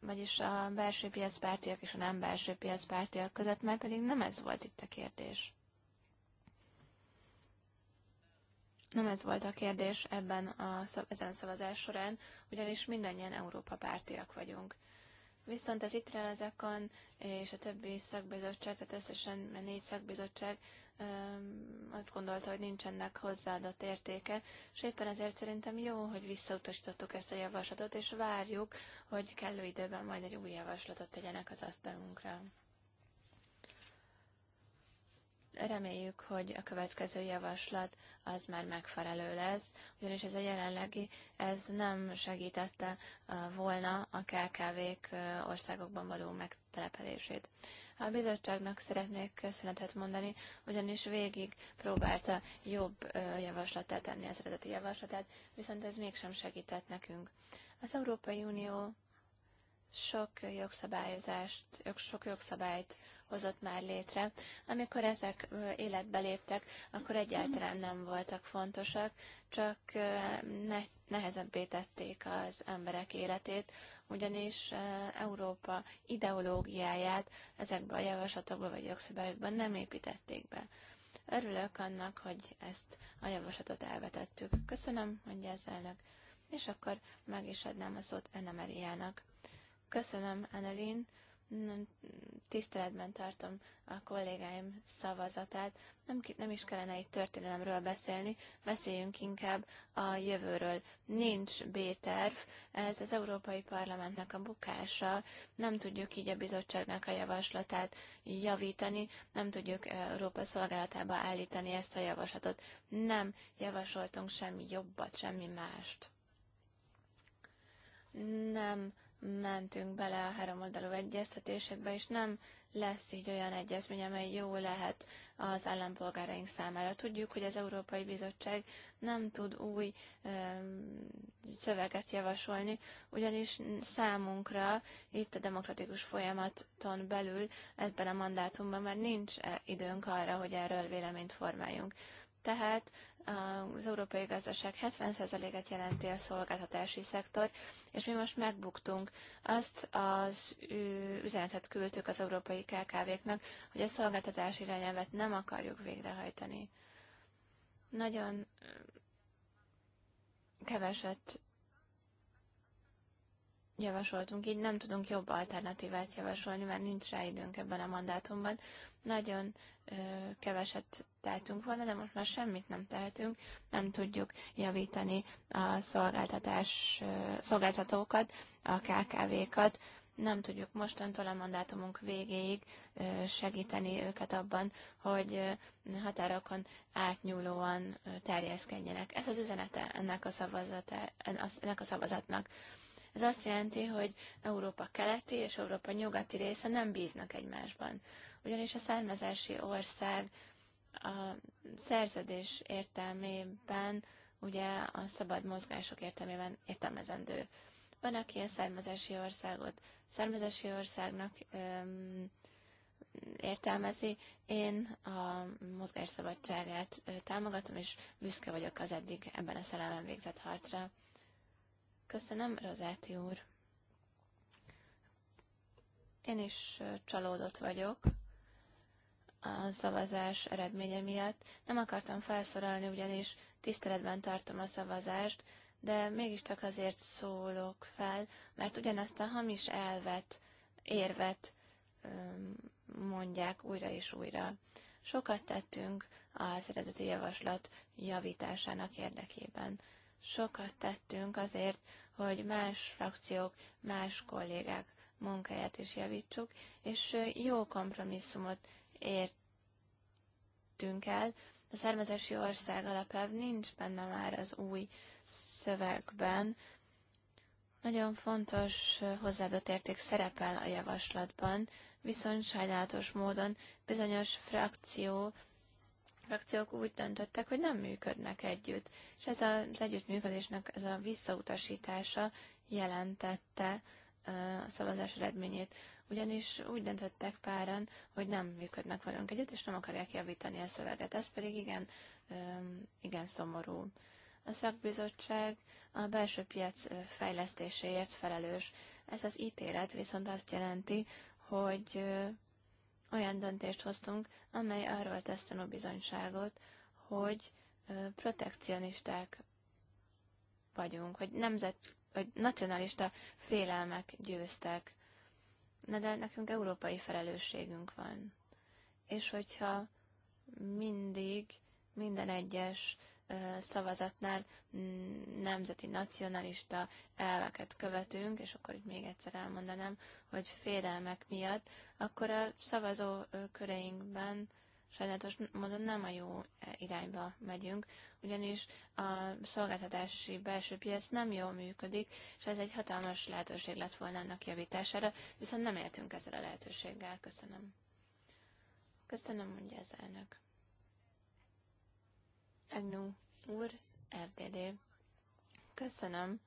vagyis a belső piacpártiak és a nem belső piacpártiak között, mert pedig nem ez volt itt a kérdés. Nem ez volt a kérdés ebben a, ezen a szavazás során, ugyanis mindannyian Európa pártiak vagyunk. Viszont az ITRE, az EKAN és a többi szakbizottság, tehát összesen négy szakbizottság azt gondolta, hogy nincsenek hozzáadott értéke, és éppen ezért szerintem jó, hogy visszautasítottuk ezt a javaslatot, és várjuk, hogy kellő időben majd egy új javaslatot tegyenek az asztalunkra. Reméljük, hogy a következő javaslat az már megfelelő lesz, ugyanis ez a jelenlegi, ez nem segítette volna a KKV-k országokban való megtelepelését. A bizottságnak szeretnék köszönetet mondani, ugyanis végig próbálta jobb javaslatát tenni az eredeti javaslatát, viszont ez mégsem segített nekünk. Az Európai Unió sok jogszabályozást, sok jogszabályt hozott már létre. Amikor ezek életbe léptek, akkor egyáltalán nem voltak fontosak, csak ne, nehezebbé tették az emberek életét, ugyanis Európa ideológiáját ezekbe a javaslatokba vagy jogszabályokba nem építették be. Örülök annak, hogy ezt a javaslatot elvetettük. Köszönöm, mondja az elnök. És akkor meg is adnám a szót Anna Mariának. Köszönöm, Annelin tiszteletben tartom a kollégáim szavazatát. Nem, nem is kellene itt történelemről beszélni, beszéljünk inkább a jövőről. Nincs B-terv, ez az Európai Parlamentnek a bukása, nem tudjuk így a bizottságnak a javaslatát javítani, nem tudjuk Európa szolgálatába állítani ezt a javaslatot. Nem javasoltunk semmi jobbat, semmi mást. Nem mentünk bele a háromoldalú egyeztetésekbe, és nem lesz így olyan egyezmény, amely jó lehet az állampolgáraink számára. Tudjuk, hogy az Európai Bizottság nem tud új ö, szöveget javasolni, ugyanis számunkra itt a demokratikus folyamaton belül ebben a mandátumban már nincs eh, időnk arra, hogy erről véleményt formáljunk. Tehát az európai gazdaság 70%-et jelenti a szolgáltatási szektor, és mi most megbuktunk. Azt az üzenetet küldtük az európai KKV-knak, hogy a szolgáltatási irányelvet nem akarjuk végrehajtani. Nagyon keveset javasoltunk, így nem tudunk jobb alternatívát javasolni, mert nincs rá időnk ebben a mandátumban. Nagyon ö, keveset tehetünk volna, de most már semmit nem tehetünk, nem tudjuk javítani a szolgáltatás, szolgáltatókat, a KKV-kat, nem tudjuk mostantól a mandátumunk végéig segíteni őket abban, hogy határokon átnyúlóan terjeszkedjenek. Ez az üzenete ennek a, szavazata, ennek a szavazatnak. Ez azt jelenti, hogy Európa keleti és Európa nyugati része nem bíznak egymásban. Ugyanis a származási ország a szerződés értelmében, ugye a szabad mozgások értelmében értelmezendő. Van, aki a származási országot származási országnak öm, értelmezi. Én a mozgásszabadságát támogatom, és büszke vagyok az eddig ebben a szellemben végzett harcra. Köszönöm, Rozáti úr. Én is csalódott vagyok a szavazás eredménye miatt. Nem akartam felszorolni, ugyanis tiszteletben tartom a szavazást, de mégiscsak azért szólok fel, mert ugyanazt a hamis elvet, érvet mondják újra és újra. Sokat tettünk az eredeti javaslat javításának érdekében sokat tettünk azért, hogy más frakciók, más kollégák munkáját is javítsuk, és jó kompromisszumot értünk el. A szervezési ország alapelv nincs benne már az új szövegben. Nagyon fontos hozzáadott érték szerepel a javaslatban, viszont sajnálatos módon bizonyos frakció, frakciók úgy döntöttek, hogy nem működnek együtt, és ez az együttműködésnek ez a visszautasítása jelentette a szavazás eredményét, ugyanis úgy döntöttek páran, hogy nem működnek velünk együtt, és nem akarják javítani a szöveget. Ez pedig igen, igen szomorú. A szakbizottság a belső piac fejlesztéséért felelős. Ez az ítélet viszont azt jelenti, hogy olyan döntést hoztunk, amely arról tesz bizonyságot, hogy protekcionisták vagyunk, hogy nemzet, vagy nacionalista félelmek győztek. Na de nekünk európai felelősségünk van. És hogyha mindig minden egyes szavazatnál nemzeti nacionalista elveket követünk, és akkor itt még egyszer elmondanám, hogy félelmek miatt, akkor a szavazóköreinkben sajnálatos módon nem a jó e, irányba megyünk, ugyanis a szolgáltatási belső piac nem jól működik, és ez egy hatalmas lehetőség lett volna annak javítására, viszont nem éltünk ezzel a lehetőséggel. Köszönöm. Köszönöm, mondja az elnök. Egnu úr, RDD. Köszönöm.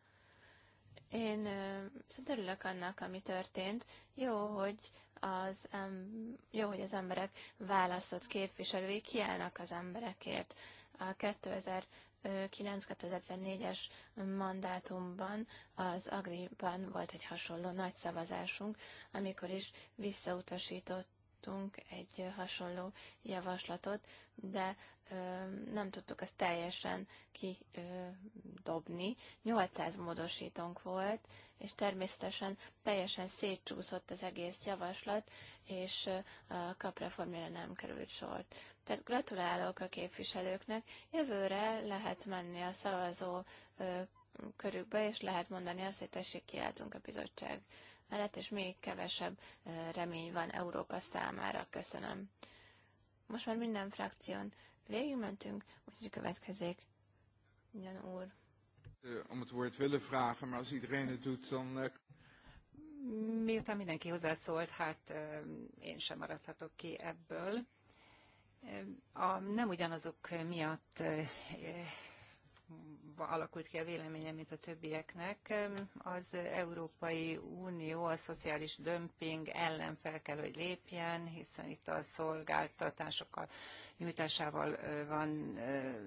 Én ö, örülök annak, ami történt. Jó, hogy az, em, jó, hogy az emberek választott képviselői kiállnak az emberekért. A 2009-2014-es mandátumban az Agriban volt egy hasonló nagy szavazásunk, amikor is visszautasított kaptunk egy hasonló javaslatot, de ö, nem tudtuk ezt teljesen kidobni. 800 módosítónk volt, és természetesen teljesen szétcsúszott az egész javaslat, és a kapreformjára nem került sort. Tehát gratulálok a képviselőknek, jövőre lehet menni a szavazó körükbe, és lehet mondani azt, hogy tessék, kiálltunk a bizottság mellett, és még kevesebb remény van Európa számára. Köszönöm. Most már minden frakción végigmentünk, úgyhogy következik Jan úr. Om het woord willen vragen, maar als iedereen het doet, dan eh, miután mindenki hozzászólt, hát én sem maradhatok ki ebből. A nem ugyanazok miatt alakult ki a véleményem, mint a többieknek. Az Európai Unió a szociális dömping ellen fel kell, hogy lépjen, hiszen itt a szolgáltatásokkal nyújtásával van,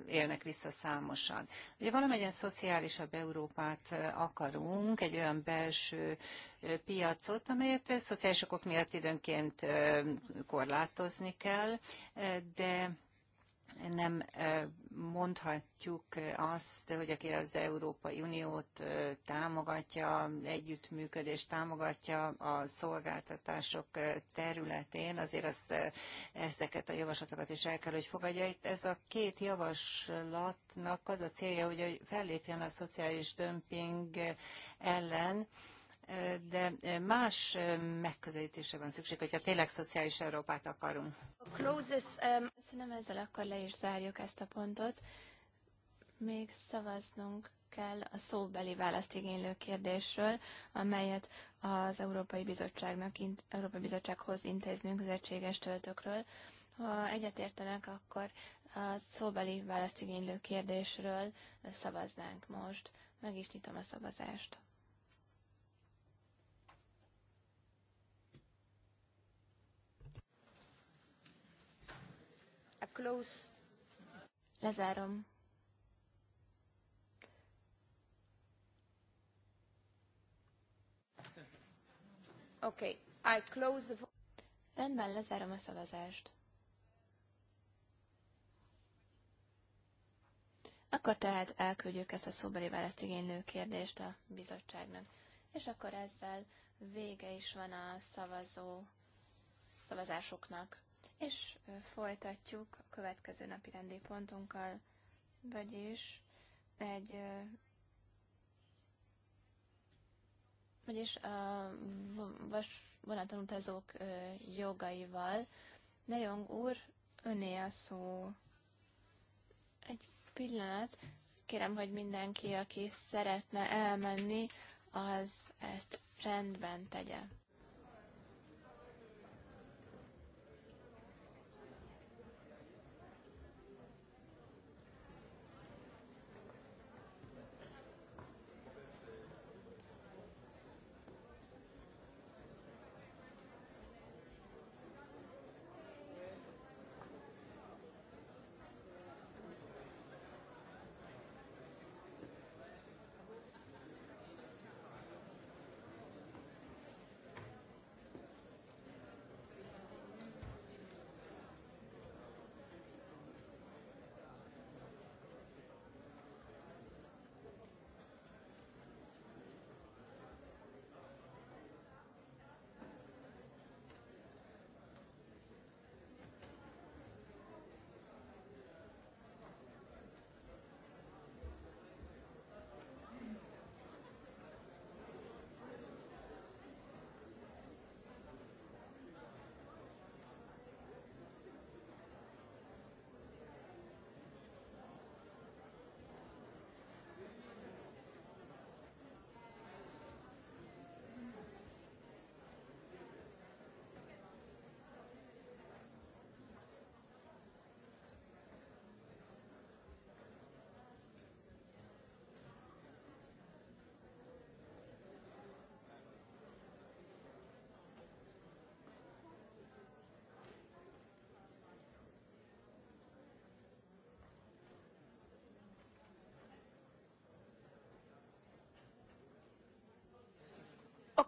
élnek vissza számosan. Ugye valamennyien szociálisabb Európát akarunk, egy olyan belső piacot, amelyet szociális okok miatt időnként korlátozni kell, de nem mondhatjuk azt, hogy aki az Európai Uniót támogatja, együttműködést támogatja a szolgáltatások területén, azért az, ezeket a javaslatokat is el kell, hogy fogadja. Itt ez a két javaslatnak az a célja, hogy fellépjen a szociális dömping ellen, de más megközelítésre van szükség, hogyha tényleg szociális Európát akarunk. Um, Köszönöm, ezzel akkor le is zárjuk ezt a pontot. Még szavaznunk kell a szóbeli választ igénylő kérdésről, amelyet az Európai, Bizottságnak, Európai Bizottsághoz intéznünk az egységes töltökről. Ha egyetértenek, akkor a szóbeli választ igénylő kérdésről szavaznánk most. Meg is nyitom a szavazást. close. Lezárom. Okay, I close the Rendben, lezárom a szavazást. Akkor tehát elküldjük ezt a szóbeli választ igénylő kérdést a bizottságnak. És akkor ezzel vége is van a szavazó szavazásoknak és folytatjuk a következő napi rendi pontunkkal, vagyis egy vagyis a vas vonaton utazók jogaival. De úr, öné a szó. Egy pillanat. Kérem, hogy mindenki, aki szeretne elmenni, az ezt csendben tegye.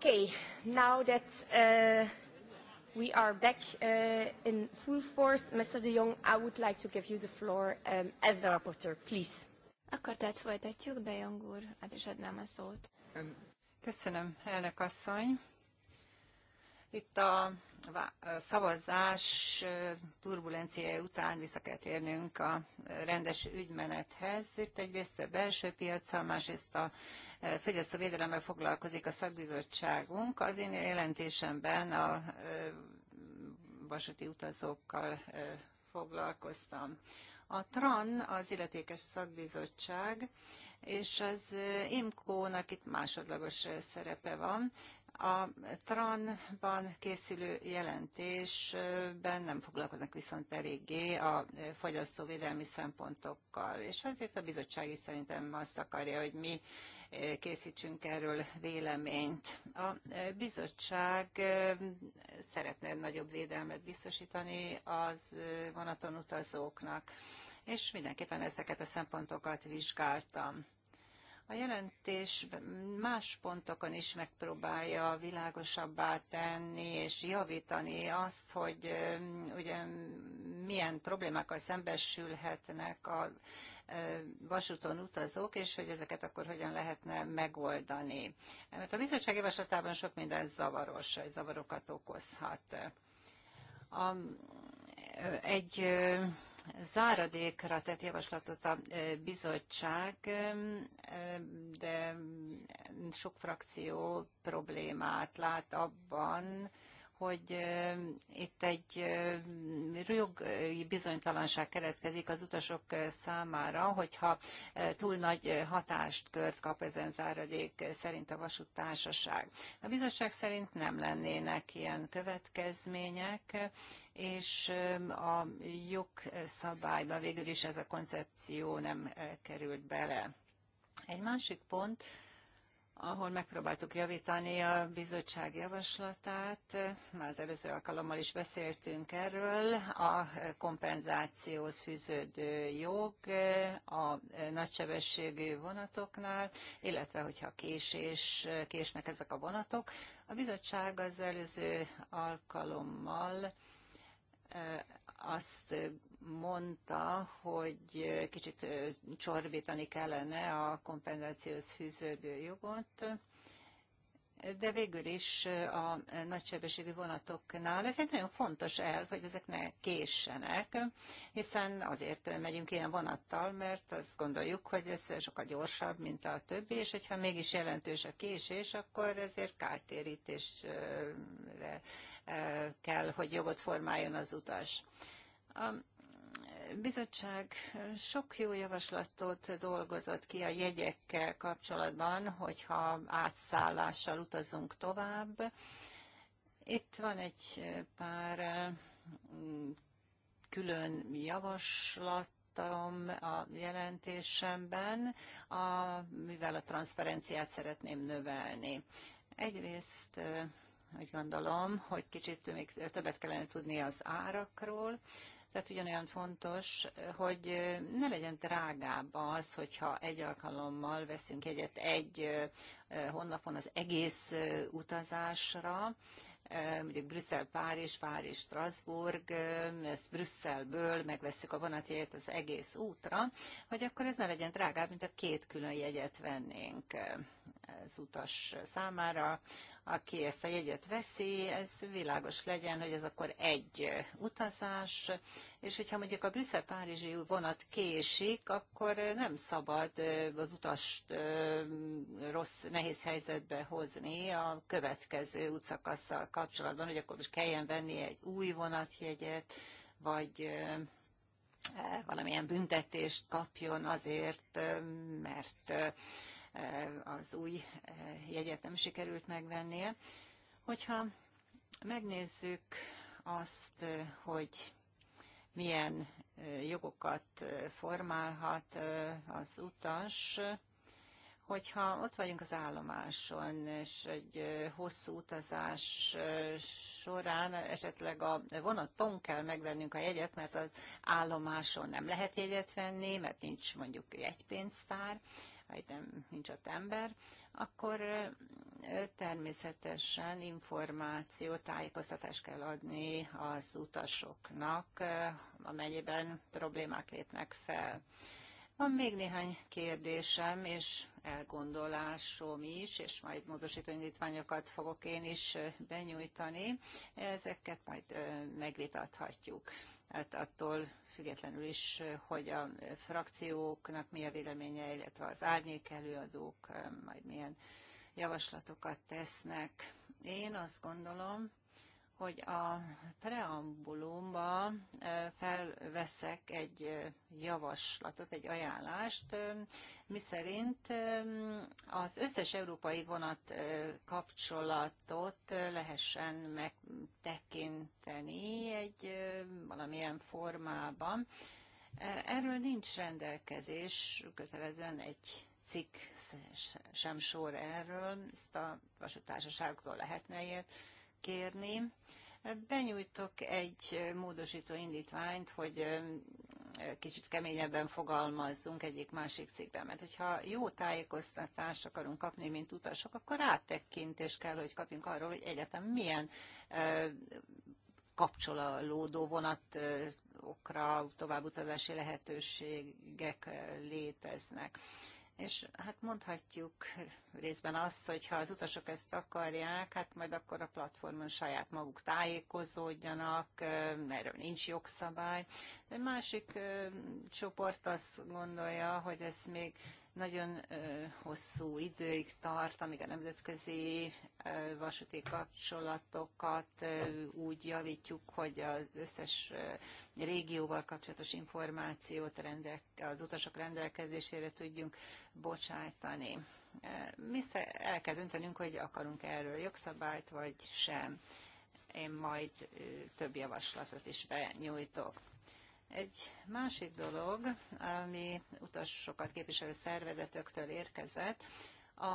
Okay, now that uh, we are back uh, in full force, Mr. de Jong, I would like to give you the floor um, as the rapporteur, please. Akkor tehát folytatjuk, de Jong úr, át is adnám a szót. Köszönöm, elnök asszony. Itt a szavazás turbulenciája után vissza kell térnünk a rendes ügymenethez. Itt egyrészt a belső piacsal, másrészt a fogyasztóvédelemmel foglalkozik a szakbizottságunk. Az én jelentésemben a vasúti utazókkal foglalkoztam. A TRAN az illetékes szakbizottság, és az IMCO-nak itt másodlagos szerepe van. A TRAN-ban készülő jelentésben nem foglalkoznak viszont eléggé a fogyasztóvédelmi szempontokkal, és azért a bizottság is szerintem azt akarja, hogy mi eh, készítsünk erről véleményt. A eh, bizottság eh, szeretne nagyobb védelmet biztosítani az vonaton utazóknak, és mindenképpen ezeket a szempontokat vizsgáltam. A jelentés más pontokon is megpróbálja világosabbá tenni és javítani azt, hogy um, ugye milyen problémákkal szembesülhetnek a um, vasúton utazók, és hogy ezeket akkor hogyan lehetne megoldani. Mert a bizottság javaslatában sok minden zavaros, zavarokat okozhat. A, um, egy záradékra tett javaslatot a bizottság, de sok frakció problémát lát abban, hogy itt egy jogi bizonytalanság keletkezik az utasok számára, hogyha túl nagy hatást kört kap ezen záradék szerint a vasúttársaság. A bizottság szerint nem lennének ilyen következmények, és a jogszabályba végül is ez a koncepció nem került bele. Egy másik pont, ahol megpróbáltuk javítani a bizottság javaslatát, már az előző alkalommal is beszéltünk erről, a kompenzációhoz fűződő jog a nagysebességű vonatoknál, illetve hogyha késés, késnek ezek a vonatok. A bizottság az előző alkalommal azt mondta, hogy kicsit csorbítani kellene a kompenzációhoz fűződő jogot, de végül is a nagysebességű vonatoknál ez egy nagyon fontos elv, hogy ezek ne késsenek, hiszen azért megyünk ilyen vonattal, mert azt gondoljuk, hogy ez sokkal gyorsabb, mint a többi, és hogyha mégis jelentős a késés, akkor ezért kártérítésre kell, hogy jogot formáljon az utas bizottság sok jó javaslatot dolgozott ki a jegyekkel kapcsolatban, hogyha átszállással utazunk tovább. Itt van egy pár mm, külön javaslat, a jelentésemben, a, mivel a transzferenciát szeretném növelni. Egyrészt úgy gondolom, hogy kicsit még többet kellene tudni az árakról. Tehát ugyanolyan fontos, hogy ne legyen drágább az, hogyha egy alkalommal veszünk egyet egy honlapon az egész utazásra, mondjuk Brüsszel, Párizs, Párizs, Strasbourg, ezt Brüsszelből megveszük a vonatjegyet az egész útra, hogy akkor ez ne legyen drágább, mint a két külön jegyet vennénk az utas számára aki ezt a jegyet veszi, ez világos legyen, hogy ez akkor egy utazás, és hogyha mondjuk a Brüsszel-Párizsi vonat késik, akkor nem szabad az utast rossz, nehéz helyzetbe hozni a következő útszakasszal kapcsolatban, hogy akkor most kelljen venni egy új vonatjegyet, vagy e, valamilyen büntetést kapjon azért, mert Eh, az új eh, jegyet nem sikerült megvennie. Hogyha megnézzük azt, eh, hogy milyen jogokat formálhat az utas, hogyha ott vagyunk az állomáson, és egy hosszú utazás során esetleg a vonaton kell megvennünk a jegyet, mert az állomáson nem lehet jegyet venni, mert nincs mondjuk egy pénztár vagy nem, nincs ott ember, akkor természetesen információ, tájékoztatást kell adni az utasoknak, amennyiben problémák lépnek fel. Van még néhány kérdésem és elgondolásom is, és majd módosító indítványokat fogok én is benyújtani. Ezeket majd megvitathatjuk. Hát attól függetlenül is, hogy a frakcióknak mi a véleménye, illetve az árnyék előadók um, majd milyen javaslatokat tesznek. Én azt gondolom, hogy a preambulumba felveszek egy javaslatot, egy ajánlást, miszerint az összes európai vonat kapcsolatot lehessen megtekinteni egy valamilyen formában. Erről nincs rendelkezés, kötelezően egy cikk sem sor erről, ezt a vasútársaságoktól lehetne ilyet kérni. Benyújtok egy módosító indítványt, hogy kicsit keményebben fogalmazzunk egyik-másik cikkben, mert hogyha jó tájékoztatást akarunk kapni, mint utasok, akkor rátekintés kell, hogy kapjunk arról, hogy egyetem milyen kapcsolódó vonatokra továbbutazási lehetőségek léteznek. És hát mondhatjuk részben azt, hogy ha az utasok ezt akarják, hát majd akkor a platformon saját maguk tájékozódjanak, erről nincs jogszabály. Egy másik csoport azt gondolja, hogy ez még nagyon hosszú időig tart, amíg a nemzetközi vasúti kapcsolatokat úgy javítjuk, hogy az összes régióval kapcsolatos információt rendel, az utasok rendelkezésére tudjunk bocsájtani. Mi el kell döntenünk, hogy akarunk erről jogszabályt, vagy sem. Én majd több javaslatot is benyújtok. Egy másik dolog, ami utasokat képviselő szervezetektől érkezett, a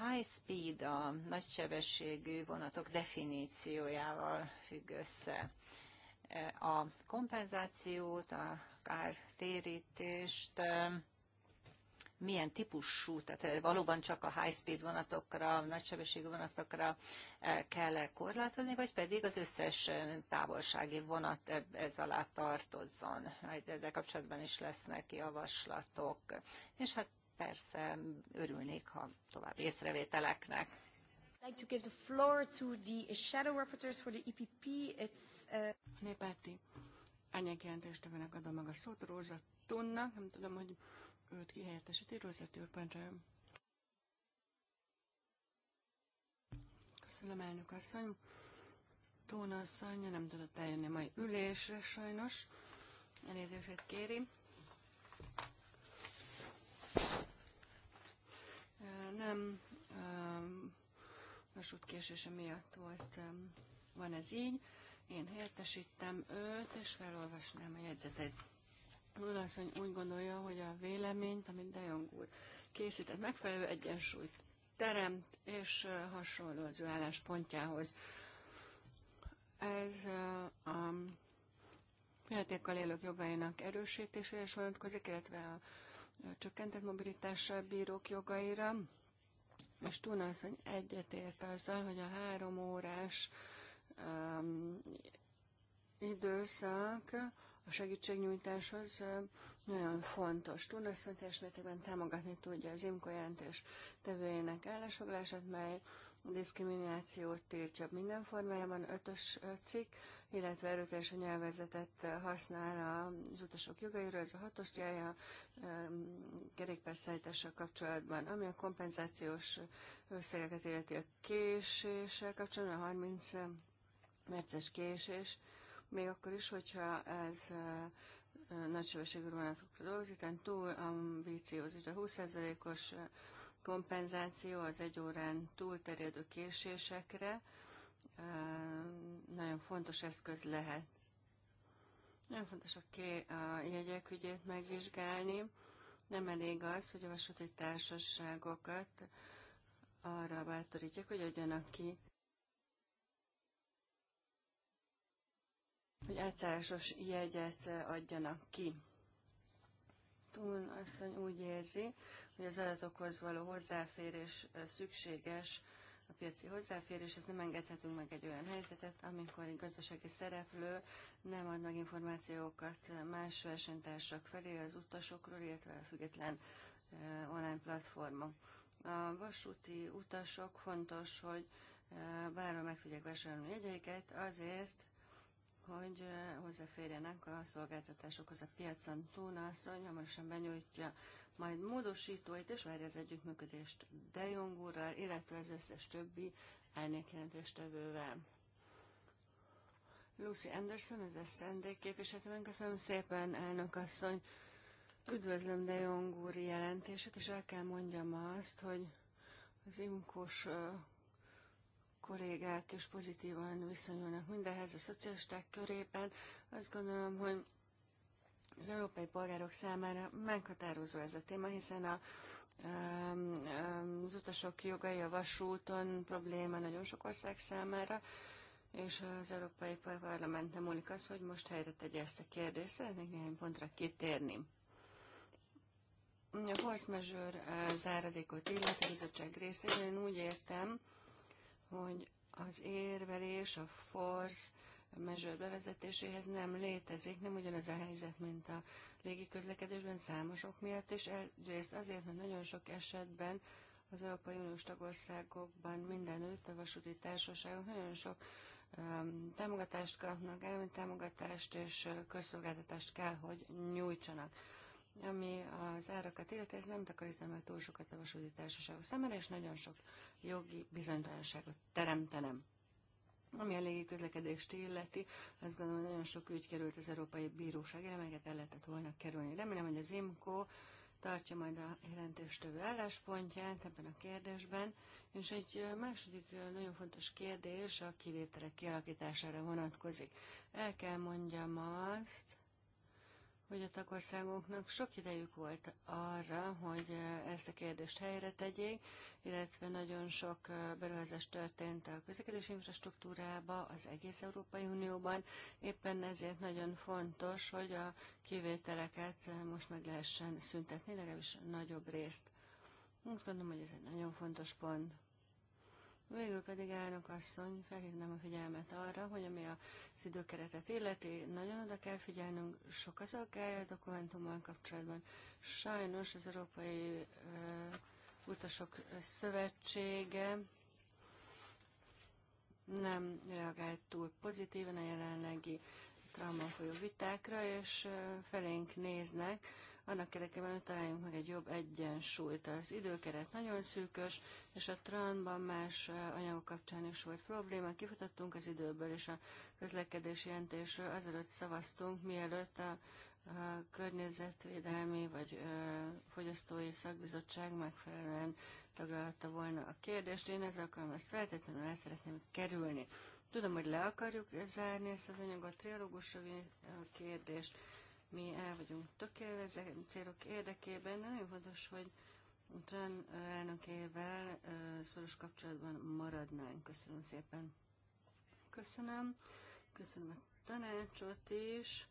high speed, a nagysebességű vonatok definíciójával függ össze. A kompenzációt, a kártérítést milyen típusú, tehát eh, valóban csak a high-speed vonatokra, nagysebességű vonatokra eh, kell korlátozni, vagy pedig az összes eh, távolsági vonat ez alá tartozzon. ezzel kapcsolatban is lesznek javaslatok. És hát persze örülnék, ha további észrevételeknek. Like to give the floor to the shadow rapporteurs for the EPP. It's uh... Népárti árnyékjelentéstevőnek adom meg a szót, Róza Tunnak, nem tudom, hogy őt kihelyettesíti. Rosa úr, Köszönöm, elnök asszony. Tóna asszony nem tudott eljönni mai ülésre sajnos. Elnézését kéri. Nem vasútkésése miatt volt, van ez így. Én helyettesítem őt, és felolvasnám a jegyzetet. Olaszony úgy gondolja, hogy a véleményt, amit De Jong úr készített, megfelelő egyensúlyt teremt, és hasonló az ő álláspontjához. Ez a fogyatékkal élők jogainak erősítésére is vonatkozik, illetve a csökkentett mobilitással bírók jogaira. És Tuna egyetért azzal, hogy a három órás um, időszak a segítségnyújtáshoz nagyon fontos. Tudna szóval teljes mértékben támogatni tudja az IMCO jelentés tevőjének állásfoglását, mely a diszkriminációt tiltja minden formájában, ötös cikk, illetve erőteljes a nyelvezetet használ az utasok jogairól, ez a hatos célja kerékpárszállítással kapcsolatban, ami a kompenzációs összegeket illeti a késéssel kapcsolatban, a 30 perces késés, még akkor is, hogyha ez nagysebességű vonatokra dolgozik, tehát túl ambíciózus, a 20%-os kompenzáció az egy órán túl terjedő késésekre nagyon fontos eszköz lehet. Nagyon fontos a, ké, a jegyek ügyét megvizsgálni. Nem elég az, hogy a vasúti társaságokat arra bátorítjuk, hogy adjanak ki hogy átszállásos jegyet adjanak ki. Tún asszony úgy érzi, hogy az adatokhoz való hozzáférés szükséges, a piaci hozzáférés, ez nem engedhetünk meg egy olyan helyzetet, amikor egy gazdasági szereplő nem ad meg információkat más versenytársak felé az utasokról, illetve a független online platformok. A vasúti utasok fontos, hogy bárhol meg tudják vásárolni jegyeiket, azért, hogy hozzáférjenek a szolgáltatásokhoz a piacon. Tóna asszony hamarosan benyújtja majd módosítóit, és várja az együttműködést De Jong úrral, illetve az összes többi árnyékjelentéstevővel. Lucy Anderson, az SZND képviselőben. Köszönöm szépen, elnök asszony. Üdvözlöm De Jong úr jelentését, és el kell mondjam azt, hogy az imkos kollégák is pozitívan viszonyulnak mindehez a szocialisták körében. Azt gondolom, hogy az európai polgárok számára meghatározó ez a téma, hiszen a, az utasok jogai a vasúton probléma nagyon sok ország számára, és az Európai Parlament nem múlik az, hogy most helyre tegye ezt a kérdést. Szeretnék néhány pontra kitérni. A force majeure eh, záradékot illeti bizottság részéről én úgy értem, hogy az érvelés, a force measure bevezetéséhez nem létezik, nem ugyanaz a helyzet, mint a légiközlekedésben számosok miatt, és egyrészt azért, mert nagyon sok esetben az Európai Uniós tagországokban mindenütt a vasúti társaságok nagyon sok um, támogatást kapnak, állami támogatást és közszolgáltatást kell, hogy nyújtsanak. Ami az árakat illeti, ez nem takarítaná meg túl sokat a vasúti társaságok számára, és nagyon sok jogi bizonytalanságot teremtenem. Ami a légi közlekedést illeti, azt gondolom, hogy nagyon sok ügy került az Európai Bíróság elé, amelyeket el lehetett volna kerülni. Remélem, hogy az IMCO tartja majd a jelentéstevő álláspontját ebben a kérdésben. És egy második nagyon fontos kérdés a kivételek kialakítására vonatkozik. El kell mondjam azt, hogy a tagországoknak sok idejük volt arra, hogy eh, ezt a kérdést helyre tegyék, illetve nagyon sok eh, beruházás történt a közlekedési infrastruktúrába az egész Európai Unióban. Éppen ezért nagyon fontos, hogy a kivételeket eh, most meg lehessen szüntetni, legalábbis nagyobb részt. Azt gondolom, hogy ez egy nagyon fontos pont. Végül pedig elnök asszony felhívnám a figyelmet arra, hogy ami az időkeretet illeti, nagyon oda kell figyelnünk, sok az aggály a dokumentummal kapcsolatban. Sajnos az Európai uh, Utasok Szövetsége nem reagált túl pozitíven a jelenlegi folyó vitákra, és felénk néznek, annak érdekében, hogy találjunk meg egy jobb egyensúlyt. Az időkeret nagyon szűkös, és a tranban más anyagok kapcsán is volt probléma. Kifutattunk az időből, és a közlekedési jelentésről azelőtt szavaztunk, mielőtt a, a környezetvédelmi vagy ö, fogyasztói szakbizottság megfelelően taglalta volna a kérdést. Én ez akarom, ezt feltétlenül el szeretném kerülni. Tudom, hogy le akarjuk zárni ezt az anyagot, triológusra kérdést, mi el vagyunk tökélve ezen célok érdekében. Nagyon fontos, hogy Trump elnökével szoros kapcsolatban maradnánk. Köszönöm szépen. Köszönöm. Köszönöm a tanácsot is.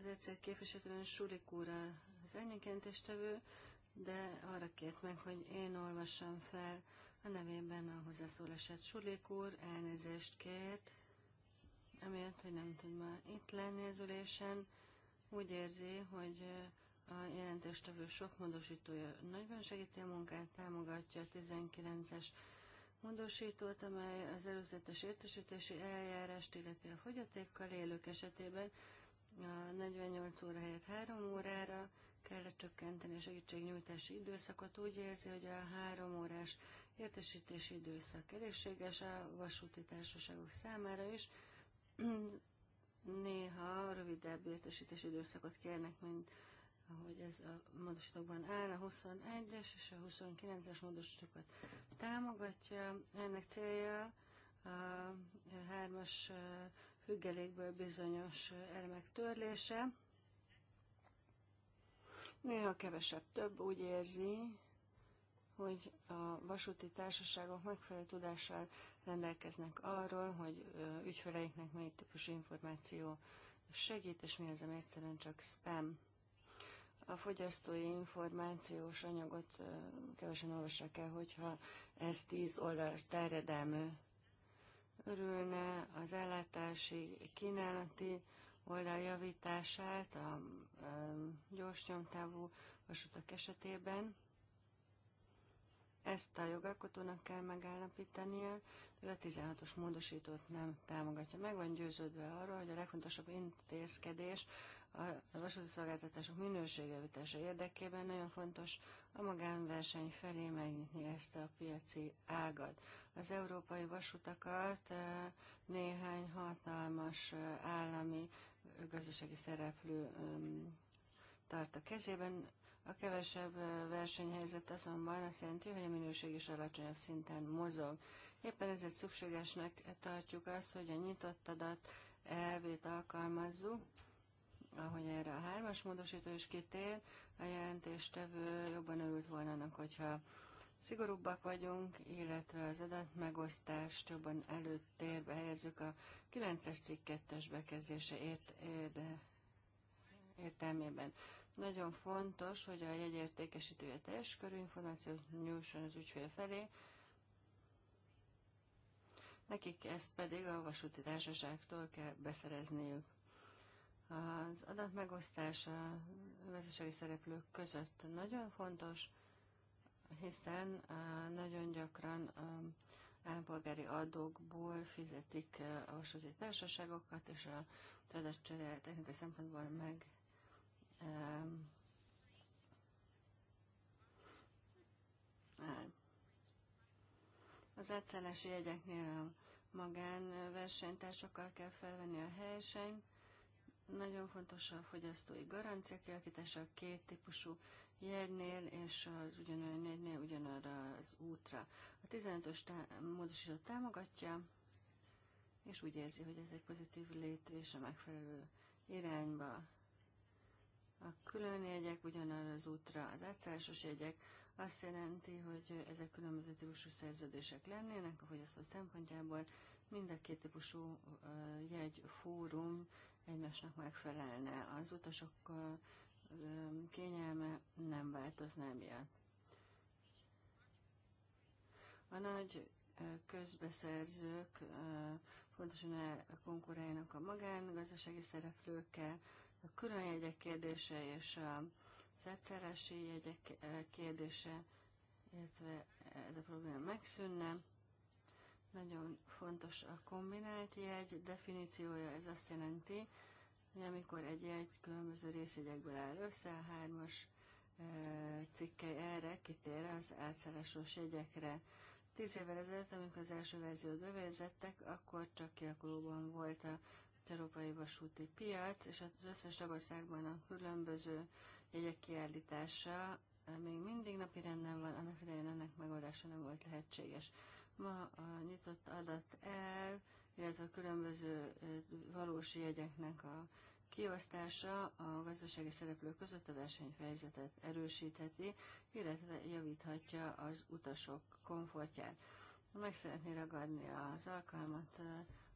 Az egyszer képviselőben Surik úr az tevő, de arra kért meg, hogy én olvassam fel a nevében a hozzászólását. Surik úr elnézést kért, amiatt, hogy nem tud már itt lenni az ülésen, úgy érzi, hogy eh, a jelentéstevő sok módosítója nagyban segíti a munkát, támogatja a 19-es módosítót, amely az előzetes értesítési eljárást, illeti a fogyatékkal élők esetében a 48 óra helyett 3 órára kellett csökkenteni a segítségnyújtási időszakot. Úgy érzi, hogy a 3 órás értesítési időszak elégséges a vasúti társaságok számára is, néha rövidebb értesítési időszakot kérnek, mint ahogy ez a módosítókban áll, a 21-es és a 29-es módosítókat támogatja. Ennek célja a hármas függelékből bizonyos elemek törlése. Néha kevesebb több úgy érzi, hogy a vasúti társaságok megfelelő tudással rendelkeznek arról, hogy ügyfeleiknek mely típusú információ segít, és mi az, ami egyszerűen csak spam. A fogyasztói információs anyagot kevesen olvassák el, hogyha ez 10 oldal terjedelmű. Örülne az ellátási kínálati oldal javítását a gyors nyomtávú vasutak esetében ezt a jogalkotónak kell megállapítania, ő a 16-os módosítót nem támogatja. Meg van győződve arról, hogy a legfontosabb intézkedés a vasúti szolgáltatások minőségjavítása érdekében nagyon fontos a magánverseny felé megnyitni ezt a piaci ágat. Az európai vasutakat eh, néhány hatalmas eh, állami gazdasági szereplő tart a kezében, a kevesebb versenyhelyzet azonban azt jelenti, hogy a minőség is alacsonyabb szinten mozog. Éppen ezért szükségesnek tartjuk azt, hogy a nyitott adat elvét alkalmazzuk, ahogy erre a hármas módosító is kitér, a jelentéstevő jobban örült volna annak, hogyha szigorúbbak vagyunk, illetve az megosztást jobban előtérbe helyezzük a 9-es cikk 2 bekezdése ért, ért, értelmében. Nagyon fontos, hogy a jegyértékesítője teljes körű információt nyújtson az ügyfél felé, nekik ezt pedig a vasúti társaságtól kell beszerezniük. Az adatmegosztás a gazdasági szereplők között nagyon fontos, hiszen nagyon gyakran állampolgári adókból fizetik a vasúti társaságokat, és a adatcsere technikai szempontból meg áll. Az átszállási jegyeknél a magánversenytársakkal kell felvenni a helysenyt, nagyon fontos a fogyasztói garancia kialakítása a két típusú jegynél és az ugyanolyan jegynél ugyanarra az útra. A 15-ös tá- módosító támogatja, és úgy érzi, hogy ez egy pozitív lépés a megfelelő irányba. A külön jegyek ugyanarra az útra az átszállásos jegyek, azt jelenti, hogy ezek különböző típusú szerződések lennének a fogyasztó szempontjából, mind a két típusú jegy fórum egymásnak megfelelne. Az utasok kényelme nem változna emiatt. A nagy közbeszerzők fontosan konkuráljanak a magángazdasági szereplőkkel, a külön jegyek kérdése és az egyszeresi jegyek eh, kérdése, illetve ez a probléma megszűnne. Nagyon fontos a kombinált jegy definíciója, ez azt jelenti, hogy amikor egy jegy különböző részjegyekből áll össze, a hármas eh, cikkely erre kitér az általásos jegyekre. Tíz évvel ezelőtt, amikor az első verziót bevezettek, akkor csak kialakulóban volt a európai vasúti piac, és az összes tagországban a különböző jegyek kiállítása eh, még mindig napi renden van, annak idején ennek megoldása nem volt lehetséges. Ma a nyitott adat el, illetve a különböző eh, valós jegyeknek a kiosztása a gazdasági szereplők között a versenyhelyzetet erősítheti, illetve javíthatja az utasok komfortját. Meg szeretné ragadni az alkalmat eh,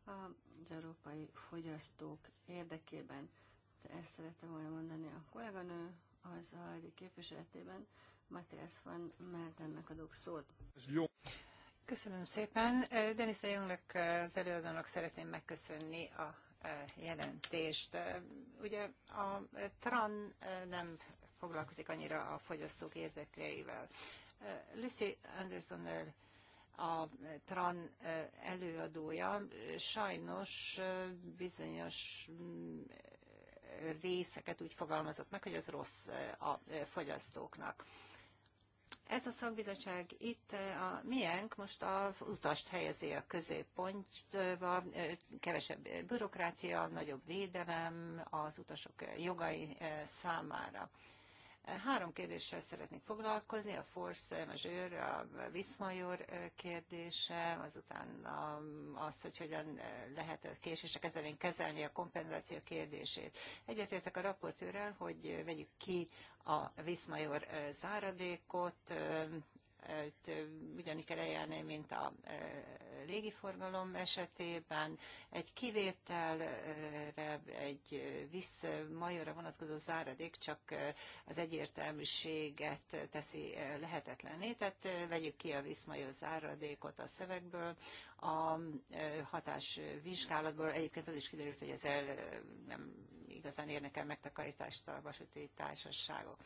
az európai fogyasztók érdekében. De ezt szerettem volna mondani a kolléganő az ALDI képviseletében. Matthias van Meltennek adok szót. Jó. Köszönöm szépen. Denis de Jungnak, az előadónak szeretném megköszönni a jelentést. Ugye a TRAN nem foglalkozik annyira a fogyasztók érzekeivel. Lucy Anderson, a TRAN előadója sajnos bizonyos mm, részeket úgy fogalmazott meg, hogy az rossz a fogyasztóknak. Ez a szakbizottság itt, a miénk most a utast helyezi a középpontba, kevesebb bürokrácia, nagyobb védelem az utasok jogai számára. Három kérdéssel szeretnék foglalkozni, a force majeure, a viszmajor kérdése, azután az, hogy hogyan lehet a késések ezelén kezelni a kompenzáció kérdését. Egyetértek a raportőrrel, hogy vegyük ki a viszmajor záradékot, ugyanígy kell eljárni, mint a légiforgalom esetében. Egy kivételre, egy majorra vonatkozó záradék csak az egyértelműséget teszi lehetetlené, tehát vegyük ki a major záradékot a szövegből, a hatás vizsgálatból. Egyébként az is kiderült, hogy ezzel nem igazán érnek el megtakarítást a vasúti társaságok.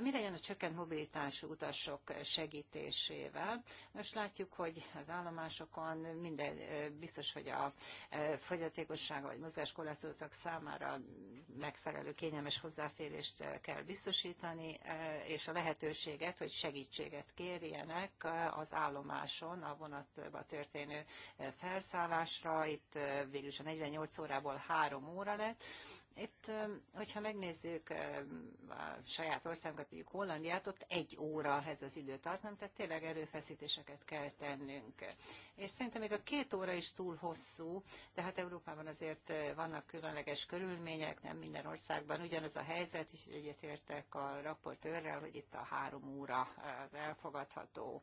Mi legyen a csökkent mobilitású utasok segítésével? Most látjuk, hogy az állomásokon minden biztos, hogy a fogyatékosság vagy mozgáskorlátozottak számára megfelelő kényelmes hozzáférést kell biztosítani, és a lehetőséget, hogy segítséget kérjenek az állomáson a vonatba történő felszállásra. Itt is a 48 órából 3 óra lett, itt, hogyha megnézzük a saját országunkat, mondjuk Hollandiát, ott egy óra ez az időtartam, tehát tényleg erőfeszítéseket kell tennünk. És szerintem még a két óra is túl hosszú, de hát Európában azért vannak különleges körülmények, nem minden országban ugyanaz a helyzet, és egyetértek a raportőrrel, hogy itt a három óra az elfogadható.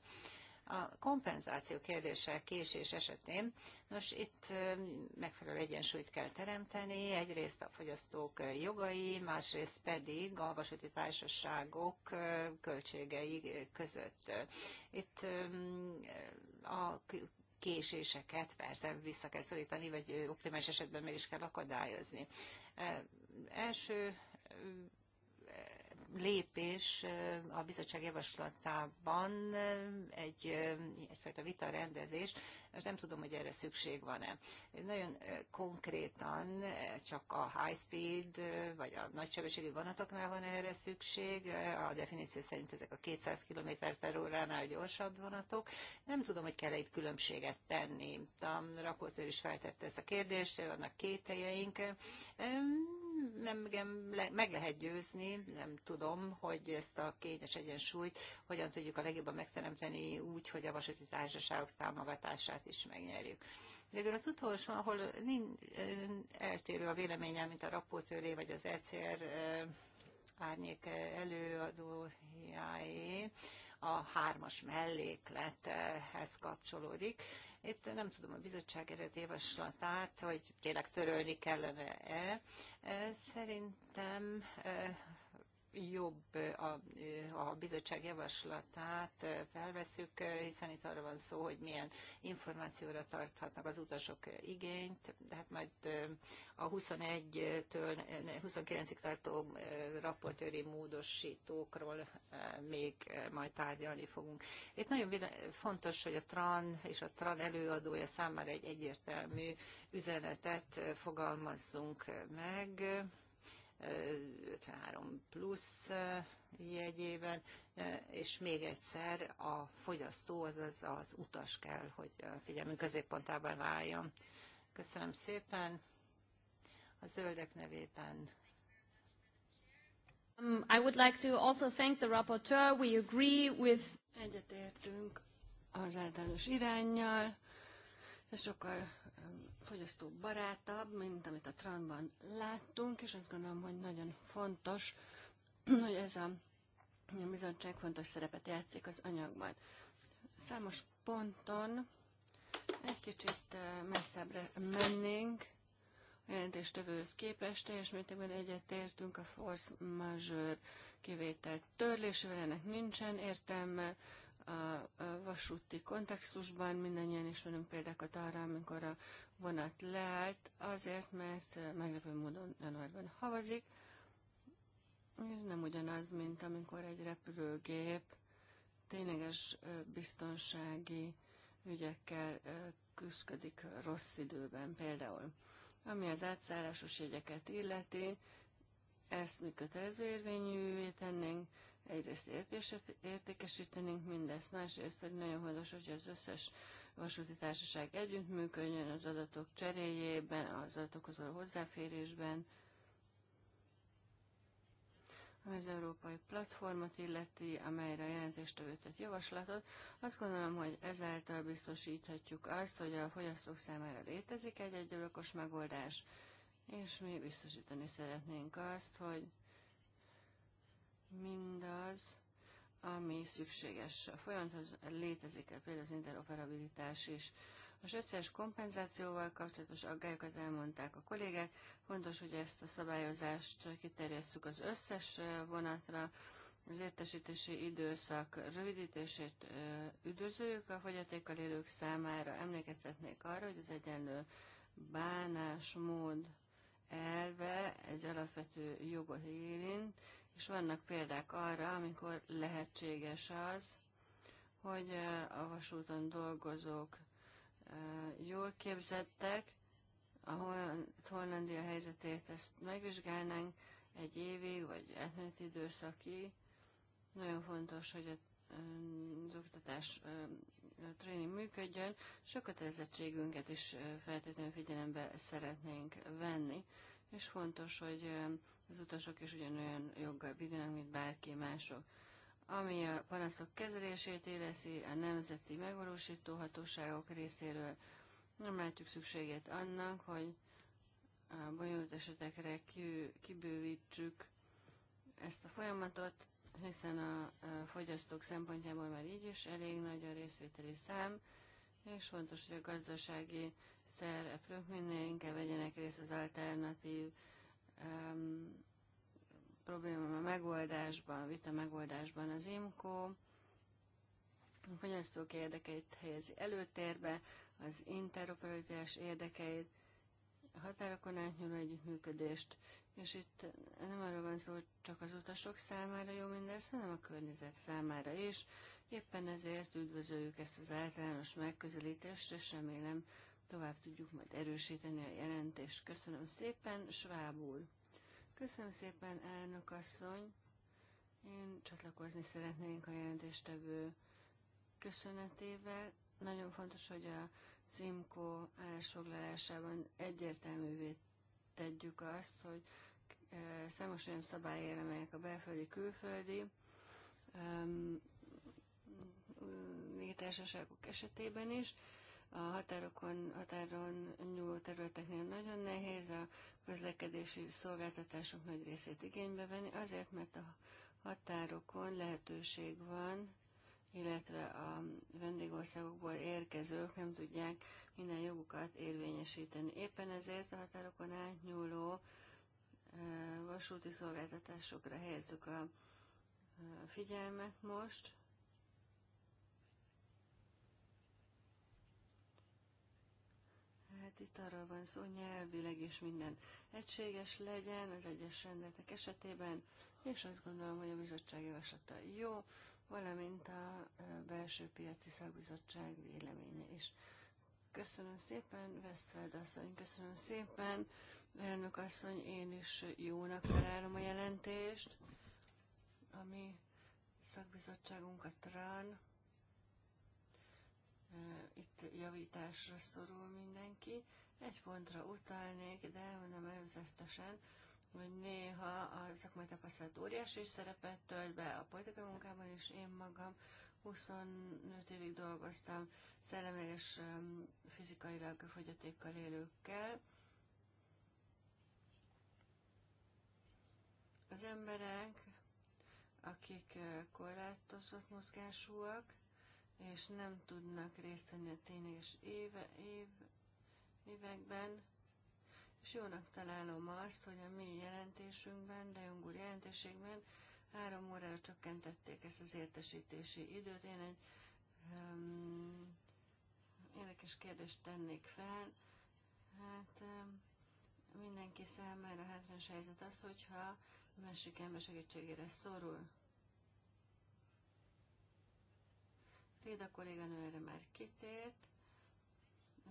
A kompenzáció kérdése késés esetén, nos itt megfelelő egyensúlyt kell teremteni, egyrészt a fogyasztók jogai, másrészt pedig a vasúti társaságok költségei között. Itt a késéseket persze vissza kell szorítani, vagy optimális esetben meg is kell akadályozni. Első lépés a bizottság javaslatában egy, egyfajta vita rendezés, és nem tudom, hogy erre szükség van-e. Nagyon konkrétan csak a high speed, vagy a nagysebességű vonatoknál van erre szükség, a definíció szerint ezek a 200 km per óránál gyorsabb vonatok. Nem tudom, hogy kell -e itt különbséget tenni. A raportőr is feltette ezt a kérdést, vannak kételjeink nem igen, le, meg lehet győzni, nem tudom, hogy ezt a kényes egyensúlyt hogyan tudjuk a legjobban megteremteni úgy, hogy a vasúti társaságok támogatását is megnyerjük. Végül az utolsó, ahol nincs eltérő a véleményem, mint a raportőré vagy az ECR árnyék előadójáé, a hármas melléklethez kapcsolódik. Itt nem tudom a bizottság eredeti javaslatát, hogy tényleg törölni kellene-e. Szerintem jobb a, a bizottság javaslatát felveszük, hiszen itt arra van szó, hogy milyen információra tarthatnak az utasok igényt, de hát majd a 21-től 29-ig tartó raportőri módosítókról még majd tárgyalni fogunk. Itt nagyon fontos, hogy a TRAN és a TRAN előadója számára egy egyértelmű üzenetet fogalmazzunk meg, 53 plusz jegyében, és még egyszer a fogyasztó, azaz az utas kell, hogy figyelmünk középpontában váljon. Köszönöm szépen. A zöldek nevében Um, I would like to also thank the rapporteur. We agree with Egyetértünk az általános irányjal, és sokkal fogyasztó barátabb, mint amit a Tranban láttunk, és azt gondolom, hogy nagyon fontos, hogy ez a, a bizottság fontos szerepet játszik az anyagban. Számos ponton egy kicsit eh, messzebbre mennénk a jelentéstevőhöz képest, teljes mértékben egyetértünk a force majeure kivétel törlésével, ennek nincsen értelme, a vasúti kontextusban, mindannyian ismerünk példákat arra, amikor a vonat leállt, azért, mert meglepő módon januárban havazik, és nem ugyanaz, mint amikor egy repülőgép tényleges biztonsági ügyekkel küzdik rossz időben például. Ami az átszállásos jegyeket illeti, ezt mi kötelező érvényűvé tennénk, egyrészt értékesítenénk mindezt, másrészt pedig nagyon fontos, hogy az összes vasúti társaság együttműködjön az adatok cseréjében, az adatokhoz való hozzáférésben, ami az európai platformot illeti, amelyre a jelentéstevő tett javaslatot. Azt gondolom, hogy ezáltal biztosíthatjuk azt, hogy a fogyasztók számára létezik egy egyörökos megoldás, és mi biztosítani szeretnénk azt, hogy mindaz, ami szükséges a folyamathoz, létezik -e például az interoperabilitás is. A sötszeres kompenzációval kapcsolatos aggályokat elmondták a kollégák, fontos, hogy ezt a szabályozást kiterjesszük az összes vonatra, az értesítési időszak rövidítését üdvözöljük a fogyatékkal élők számára, emlékeztetnék arra, hogy az egyenlő bánásmód elve, ez alapvető jogot érint, és vannak példák arra, amikor lehetséges az, hogy a vasúton dolgozók jól képzettek, a Hollandia helyzetét ezt megvizsgálnánk egy évig, vagy átmeneti időszaki. Nagyon fontos, hogy a, az oktatás a tréning működjön, és a kötelezettségünket is feltétlenül figyelembe szeretnénk venni, és fontos, hogy az utasok is ugyanolyan joggal bírnak, mint bárki mások. Ami a panaszok kezelését éleszi a nemzeti megvalósító hatóságok részéről, nem látjuk szükségét annak, hogy a bonyolult esetekre kibővítsük ezt a folyamatot, hiszen a fogyasztók szempontjából már így is elég nagy a részvételi szám, és fontos, hogy a gazdasági szereplők minél inkább vegyenek részt az alternatív um, probléma a megoldásban, a vita megoldásban az IMCO, a fogyasztók érdekeit helyezi előtérbe, az interoperabilitás érdekeit, a határokon átnyúló együttműködést, és itt nem arról van szó, hogy csak az utasok számára jó minden, hanem a környezet számára is. Éppen ezért üdvözöljük ezt az általános megközelítést, és remélem, tovább tudjuk majd erősíteni a jelentést. Köszönöm szépen, Svábul. Köszönöm szépen, elnök asszony. Én csatlakozni szeretnénk a jelentéstevő köszönetével. Nagyon fontos, hogy a CIMCO állásfoglalásában egyértelművé tegyük azt, hogy számos olyan szabály amelyek a belföldi, külföldi légitársaságok esetében is a határokon, határon nyúló területeknél nagyon nehéz a közlekedési szolgáltatások nagy részét igénybe venni, azért, mert a határokon lehetőség van, illetve a vendégországokból érkezők nem tudják minden jogukat érvényesíteni. Éppen ezért a határokon átnyúló eh, vasúti szolgáltatásokra helyezzük a eh, figyelmet most, Tehát itt arról van szó, nyelvileg is minden egységes legyen az egyes rendeletek esetében, és azt gondolom, hogy a bizottság javaslata jó, valamint a belső piaci szakbizottság véleménye is. Köszönöm szépen, Westfeld asszony, köszönöm szépen, elnök asszony, én is jónak találom a jelentést, ami szakbizottságunkat rán itt javításra szorul mindenki. Egy pontra utalnék, de mondom előzetesen, hogy néha a szakmai tapasztalat óriási szerepet tölt be a politika munkában is, én magam 25 évig dolgoztam szellemi és fizikailag fogyatékkal élőkkel. Az emberek, akik korlátozott mozgásúak, és nem tudnak részt venni a tényleges éve, év, években, és jónak találom azt, hogy a mi jelentésünkben, de Jung jelentésében három órára csökkentették ezt az értesítési időt. Én egy um, érdekes kérdést tennék fel. Hát um, mindenki számára hátrányos helyzet az, hogyha a másik ember segítségére szorul. Préda kolléganő erre már kitért.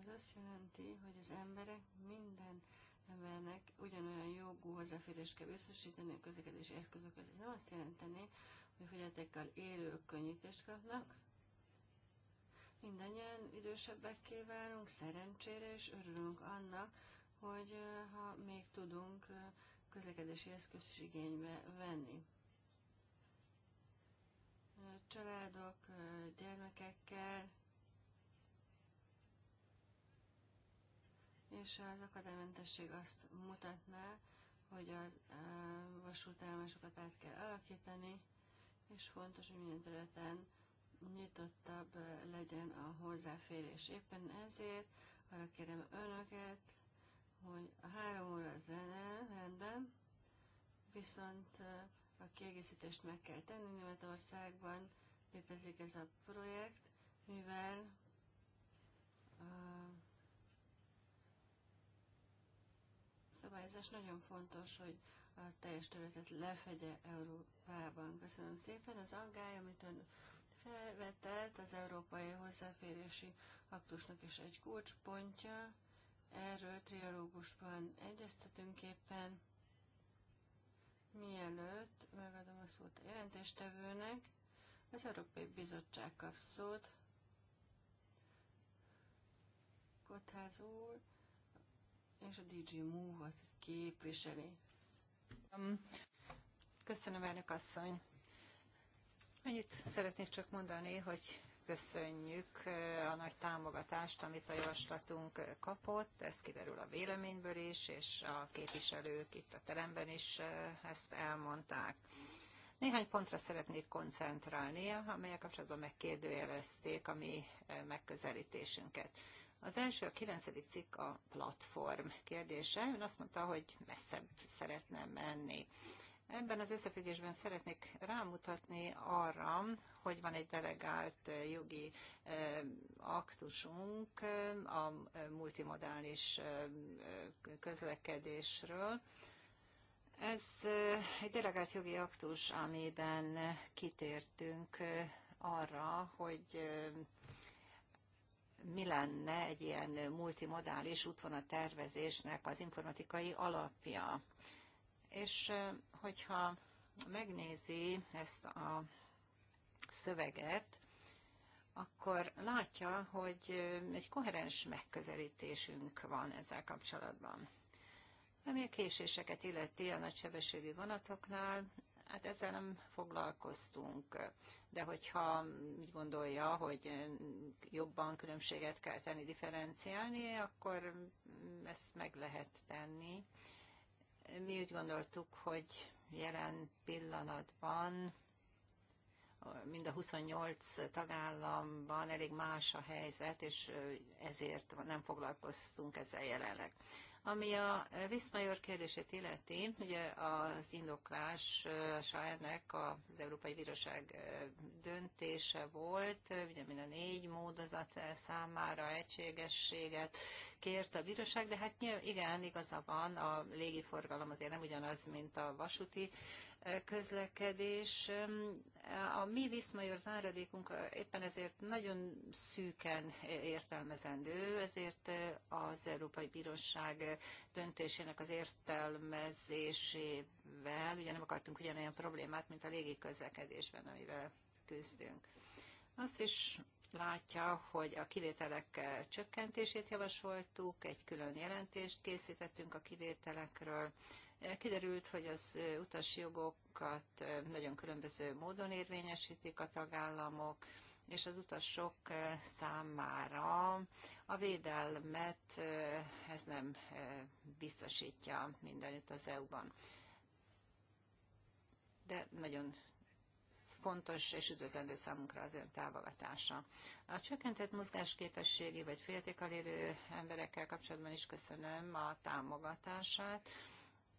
Ez azt jelenti, hogy az emberek minden embernek ugyanolyan jogú hozzáférés kell biztosítani a közlekedési eszközökhez. Ez nem azt jelenteni, hogy fogyatékkal élők könnyítést kapnak. Mindannyian idősebbekké válunk, szerencsére, és örülünk annak, hogy ha még tudunk közlekedési eszközt is igénybe venni családok, gyermekekkel, és az akadálymentesség azt mutatná, hogy a vasútállomásokat át kell alakítani, és fontos, hogy minden területen nyitottabb legyen a hozzáférés. Éppen ezért arra kérem önöket, hogy a három óra az lenne, rendben, viszont a kiegészítést meg kell tenni. Németországban létezik ez a projekt, mivel a szabályozás nagyon fontos, hogy a teljes területet lefegye Európában. Köszönöm szépen az aggály, amit ön felvetett, az Európai Hozzáférési Aktusnak is egy kulcspontja. Erről triológusban egyeztetünk éppen. Mielőtt megadom a szót a jelentéstevőnek, az Európai Bizottság kap szót. Kotház úr és a DJ Move-ot képviseli. Um, köszönöm, elnök asszony. Annyit szeretnék csak mondani, hogy köszönjük eh, a nagy támogatást, amit a javaslatunk kapott. Ez kiderül a véleményből is, és a képviselők itt a teremben is eh, ezt elmondták. Néhány pontra szeretnék koncentrálni, amelyek kapcsolatban megkérdőjelezték a mi eh, megközelítésünket. Az első, a kilencedik cikk a platform kérdése. Ön azt mondta, hogy messzebb szeretne menni. Ebben az összefüggésben szeretnék rámutatni arra, hogy van egy delegált eh, jogi eh, aktusunk eh, a multimodális közlekedésről. Ez egy delegált jogi aktus, amiben kitértünk arra, hogy mi lenne egy ilyen multimodális útvonatervezésnek tervezésnek az informatikai alapja. És hogyha megnézi ezt a szöveget, akkor látja, hogy egy koherens megközelítésünk van ezzel kapcsolatban. Ami a késéseket illeti a nagysebességű vonatoknál, hát ezzel nem foglalkoztunk, de hogyha úgy gondolja, hogy jobban különbséget kell tenni, differenciálni, akkor mm, ezt meg lehet tenni. Mi úgy gondoltuk, hogy jelen pillanatban mind a 28 tagállamban elég más a helyzet, és ezért nem foglalkoztunk ezzel jelenleg. Ami a Viszmajor kérdését illeti, ugye az indoklás ennek eh, az Európai Bíróság eh, döntése volt, ugye mind a négy módozat eh, számára egységességet kért a bíróság, de hát igen, igaza van, a légiforgalom azért nem ugyanaz, mint a vasúti közlekedés. A mi viszmajor záradékunk éppen ezért nagyon szűken értelmezendő, ezért az Európai Bíróság döntésének az értelmezésével ugye nem akartunk ugyanolyan problémát, mint a légi közlekedésben, amivel küzdünk. Azt is látja, hogy a kivételek eh, csökkentését javasoltuk, egy külön jelentést készítettünk a kivételekről. Eh, kiderült, hogy az eh, utasjogokat nagyon különböző módon érvényesítik a tagállamok, és az utasok számára a védelmet ez nem biztosítja mindenütt az EU-ban. De nagyon fontos és üdvözlendő számunkra az ön támogatása. A csökkentett mozgásképességi vagy féltékkal élő emberekkel kapcsolatban is köszönöm a támogatását.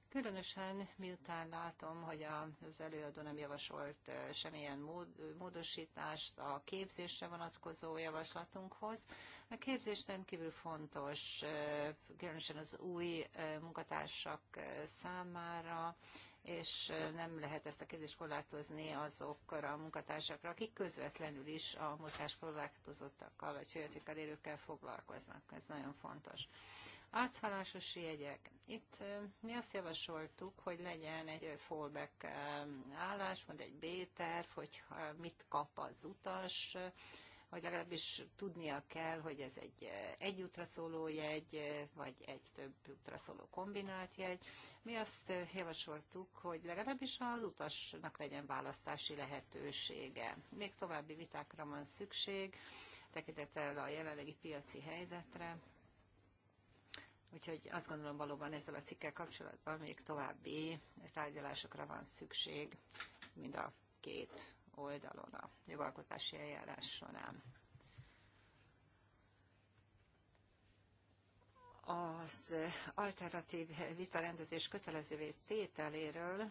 Különösen miután látom, hogy az előadó nem javasolt semmilyen módosítást a képzésre vonatkozó javaslatunkhoz. A képzés nem kívül fontos, különösen az új munkatársak számára, és nem lehet ezt a kérdést korlátozni azokra a munkatársakra, akik közvetlenül is a mozgáskorlátozottakkal vagy fogyatékkal élőkkel foglalkoznak. Ez nagyon fontos. Átszállásos jegyek. Itt mi azt javasoltuk, hogy legyen egy fallback állás, vagy egy B-terv, hogy mit kap az utas, vagy legalábbis tudnia kell, hogy ez egy eh, egy útra szóló jegy, eh, vagy egy több útra szóló kombinált jegy. Mi azt eh, javasoltuk, hogy legalábbis az utasnak legyen választási lehetősége. Még további vitákra van szükség, tekintettel a jelenlegi piaci helyzetre, Úgyhogy azt gondolom valóban ezzel a cikkel kapcsolatban még további tárgyalásokra van szükség mind a két oldalon a jogalkotási eljárás során. Az alternatív vitarendezés kötelezővé tételéről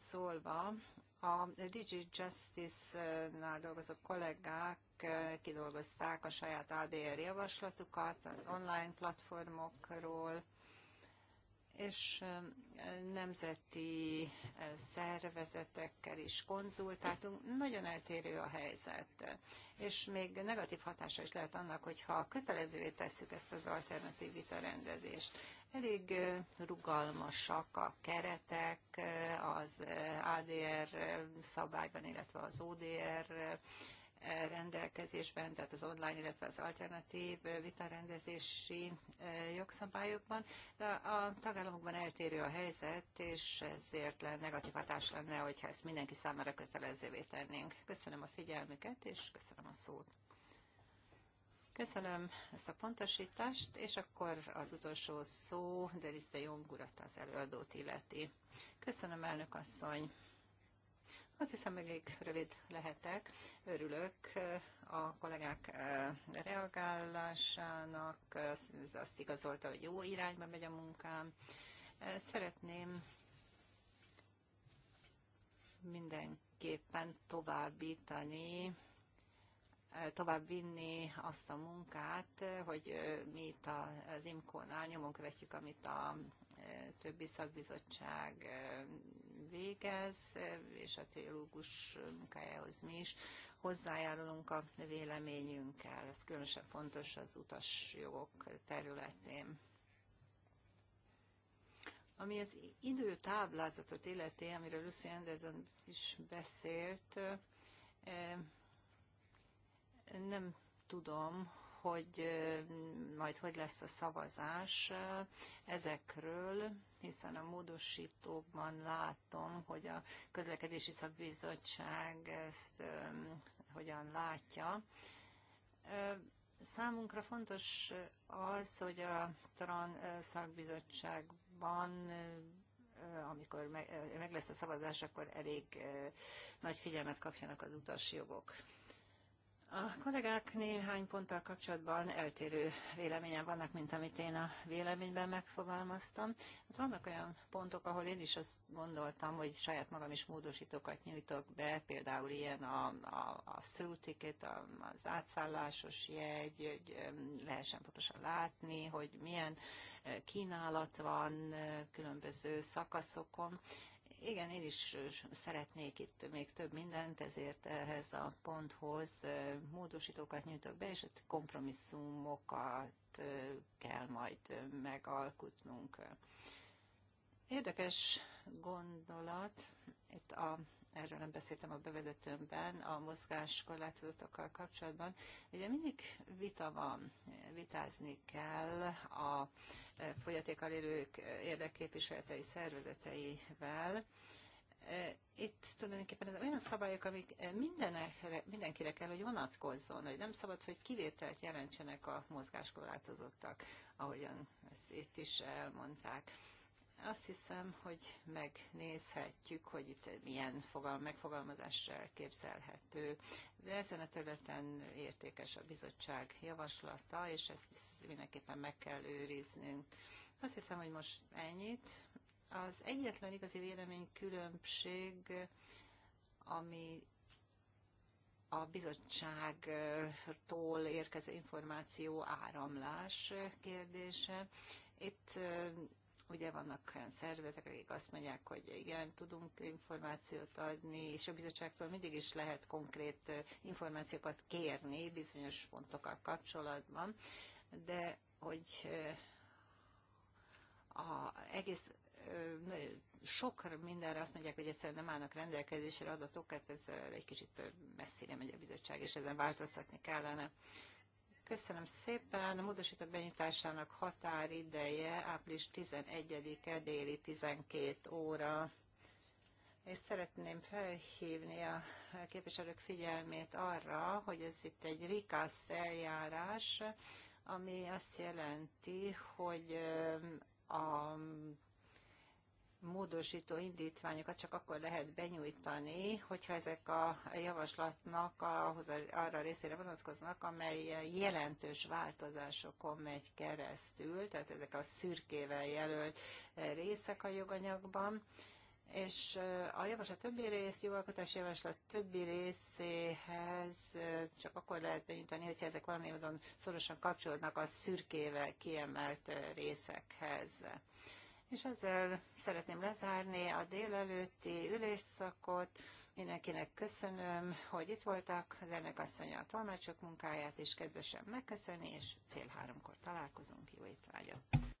szólva, a Digi Justice-nál dolgozó kollégák eh, kidolgozták a saját ADR javaslatukat az online platformokról, és eh, nemzeti eh, szervezetekkel is konzultáltunk. Nagyon eltérő a helyzet, és még negatív hatása is lehet annak, hogyha kötelezővé tesszük ezt az alternatív vitarendezést. Elég eh, rugalmasak a keretek az ADR szabályban, illetve az ODR rendelkezésben, tehát az online, illetve az alternatív vitarendezési jogszabályokban, de a tagállamokban eltérő a helyzet, és ezért lenne negatív hatás lenne, hogyha ezt mindenki számára kötelezővé tennénk. Köszönöm a figyelmüket, és köszönöm a szót. Köszönöm ezt a pontosítást, és akkor az utolsó szó Deris de Jong urat az előadót illeti. Köszönöm, elnök asszony! Azt hiszem, elég rövid lehetek. Örülök eh, a kollégák eh, reagálásának. Ez azt igazolta, hogy jó irányba megy a munkám. Eh, szeretném mindenképpen továbbítani tovább vinni azt a munkát, hogy mi itt az IMCO-nál nyomon követjük, amit a többi szakbizottság végez, és a teológus munkájához mi is hozzájárulunk a véleményünkkel. Ez különösen fontos az utasjogok területén. Ami az időtáblázatot illeti, amiről Lucy Anderson is beszélt, nem tudom, hogy majd hogy lesz a szavazás ezekről, hiszen a módosítókban látom, hogy a közlekedési szakbizottság ezt hogyan látja. Számunkra fontos az, hogy a TRAN szakbizottságban amikor meg, lesz a szavazás, akkor elég nagy figyelmet kapjanak az utasjogok. A kollégák néhány ponttal kapcsolatban eltérő véleményen vannak, mint amit én a véleményben megfogalmaztam. Hát vannak olyan pontok, ahol én is azt gondoltam, hogy saját magam is módosítókat nyújtok be, például ilyen a, a, a through ticket, a, az átszállásos jegy, hogy lehessen pontosan látni, hogy milyen eh, kínálat van eh, különböző szakaszokon. Igen, én is szeretnék itt még több mindent, ezért ehhez a ponthoz módosítókat nyújtok be, és kompromisszumokat kell majd megalkotnunk. Érdekes gondolat, itt a erről nem beszéltem a bevezetőmben, a mozgáskorlátozatokkal kapcsolatban. Ugye mindig vita van, vitázni kell a fogyatékkal élők érdekképviseletei szervezeteivel, itt tulajdonképpen ez olyan szabályok, amik mindenekre, mindenkire kell, hogy vonatkozzon, hogy nem szabad, hogy kivételt jelentsenek a mozgáskorlátozottak, ahogyan ezt itt is elmondták. Azt hiszem, hogy megnézhetjük, hogy itt milyen fogal- megfogalmazással képzelhető. De ezen a területen értékes a bizottság javaslata, és ezt mindenképpen meg kell őriznünk. Azt hiszem, hogy most ennyit. Az egyetlen igazi véleménykülönbség, ami a bizottságtól érkező információ áramlás kérdése. Itt Ugye vannak olyan szervezetek, akik azt mondják, hogy igen, tudunk információt adni, és a bizottságtól mindig is lehet konkrét információkat kérni bizonyos pontokkal kapcsolatban, de hogy a egész sok mindenre azt mondják, hogy egyszerűen nem állnak rendelkezésre adatok, hát ez egy kicsit messzire megy a bizottság, és ezen változtatni kellene. Köszönöm szépen. A módosított benyitásának határideje április 11-e déli 12 óra. És szeretném felhívni a képviselők figyelmét arra, hogy ez itt egy rikaszt eljárás, ami azt jelenti, hogy a módosító indítványokat csak akkor lehet benyújtani, hogyha ezek a javaslatnak ahhoz a, arra a részére vonatkoznak, amely jelentős változásokon megy keresztül, tehát ezek a szürkével jelölt részek a joganyagban és a javaslat többi rész, jogalkotási javaslat többi részéhez csak akkor lehet benyújtani, hogyha ezek valami módon szorosan kapcsolódnak a szürkével kiemelt részekhez. És ezzel szeretném lezárni a délelőtti ülésszakot. Mindenkinek köszönöm, hogy itt voltak, Lennek asszony a tolmácsok munkáját, és kedvesen megköszöni, és fél háromkor találkozunk. Jó étvágyat!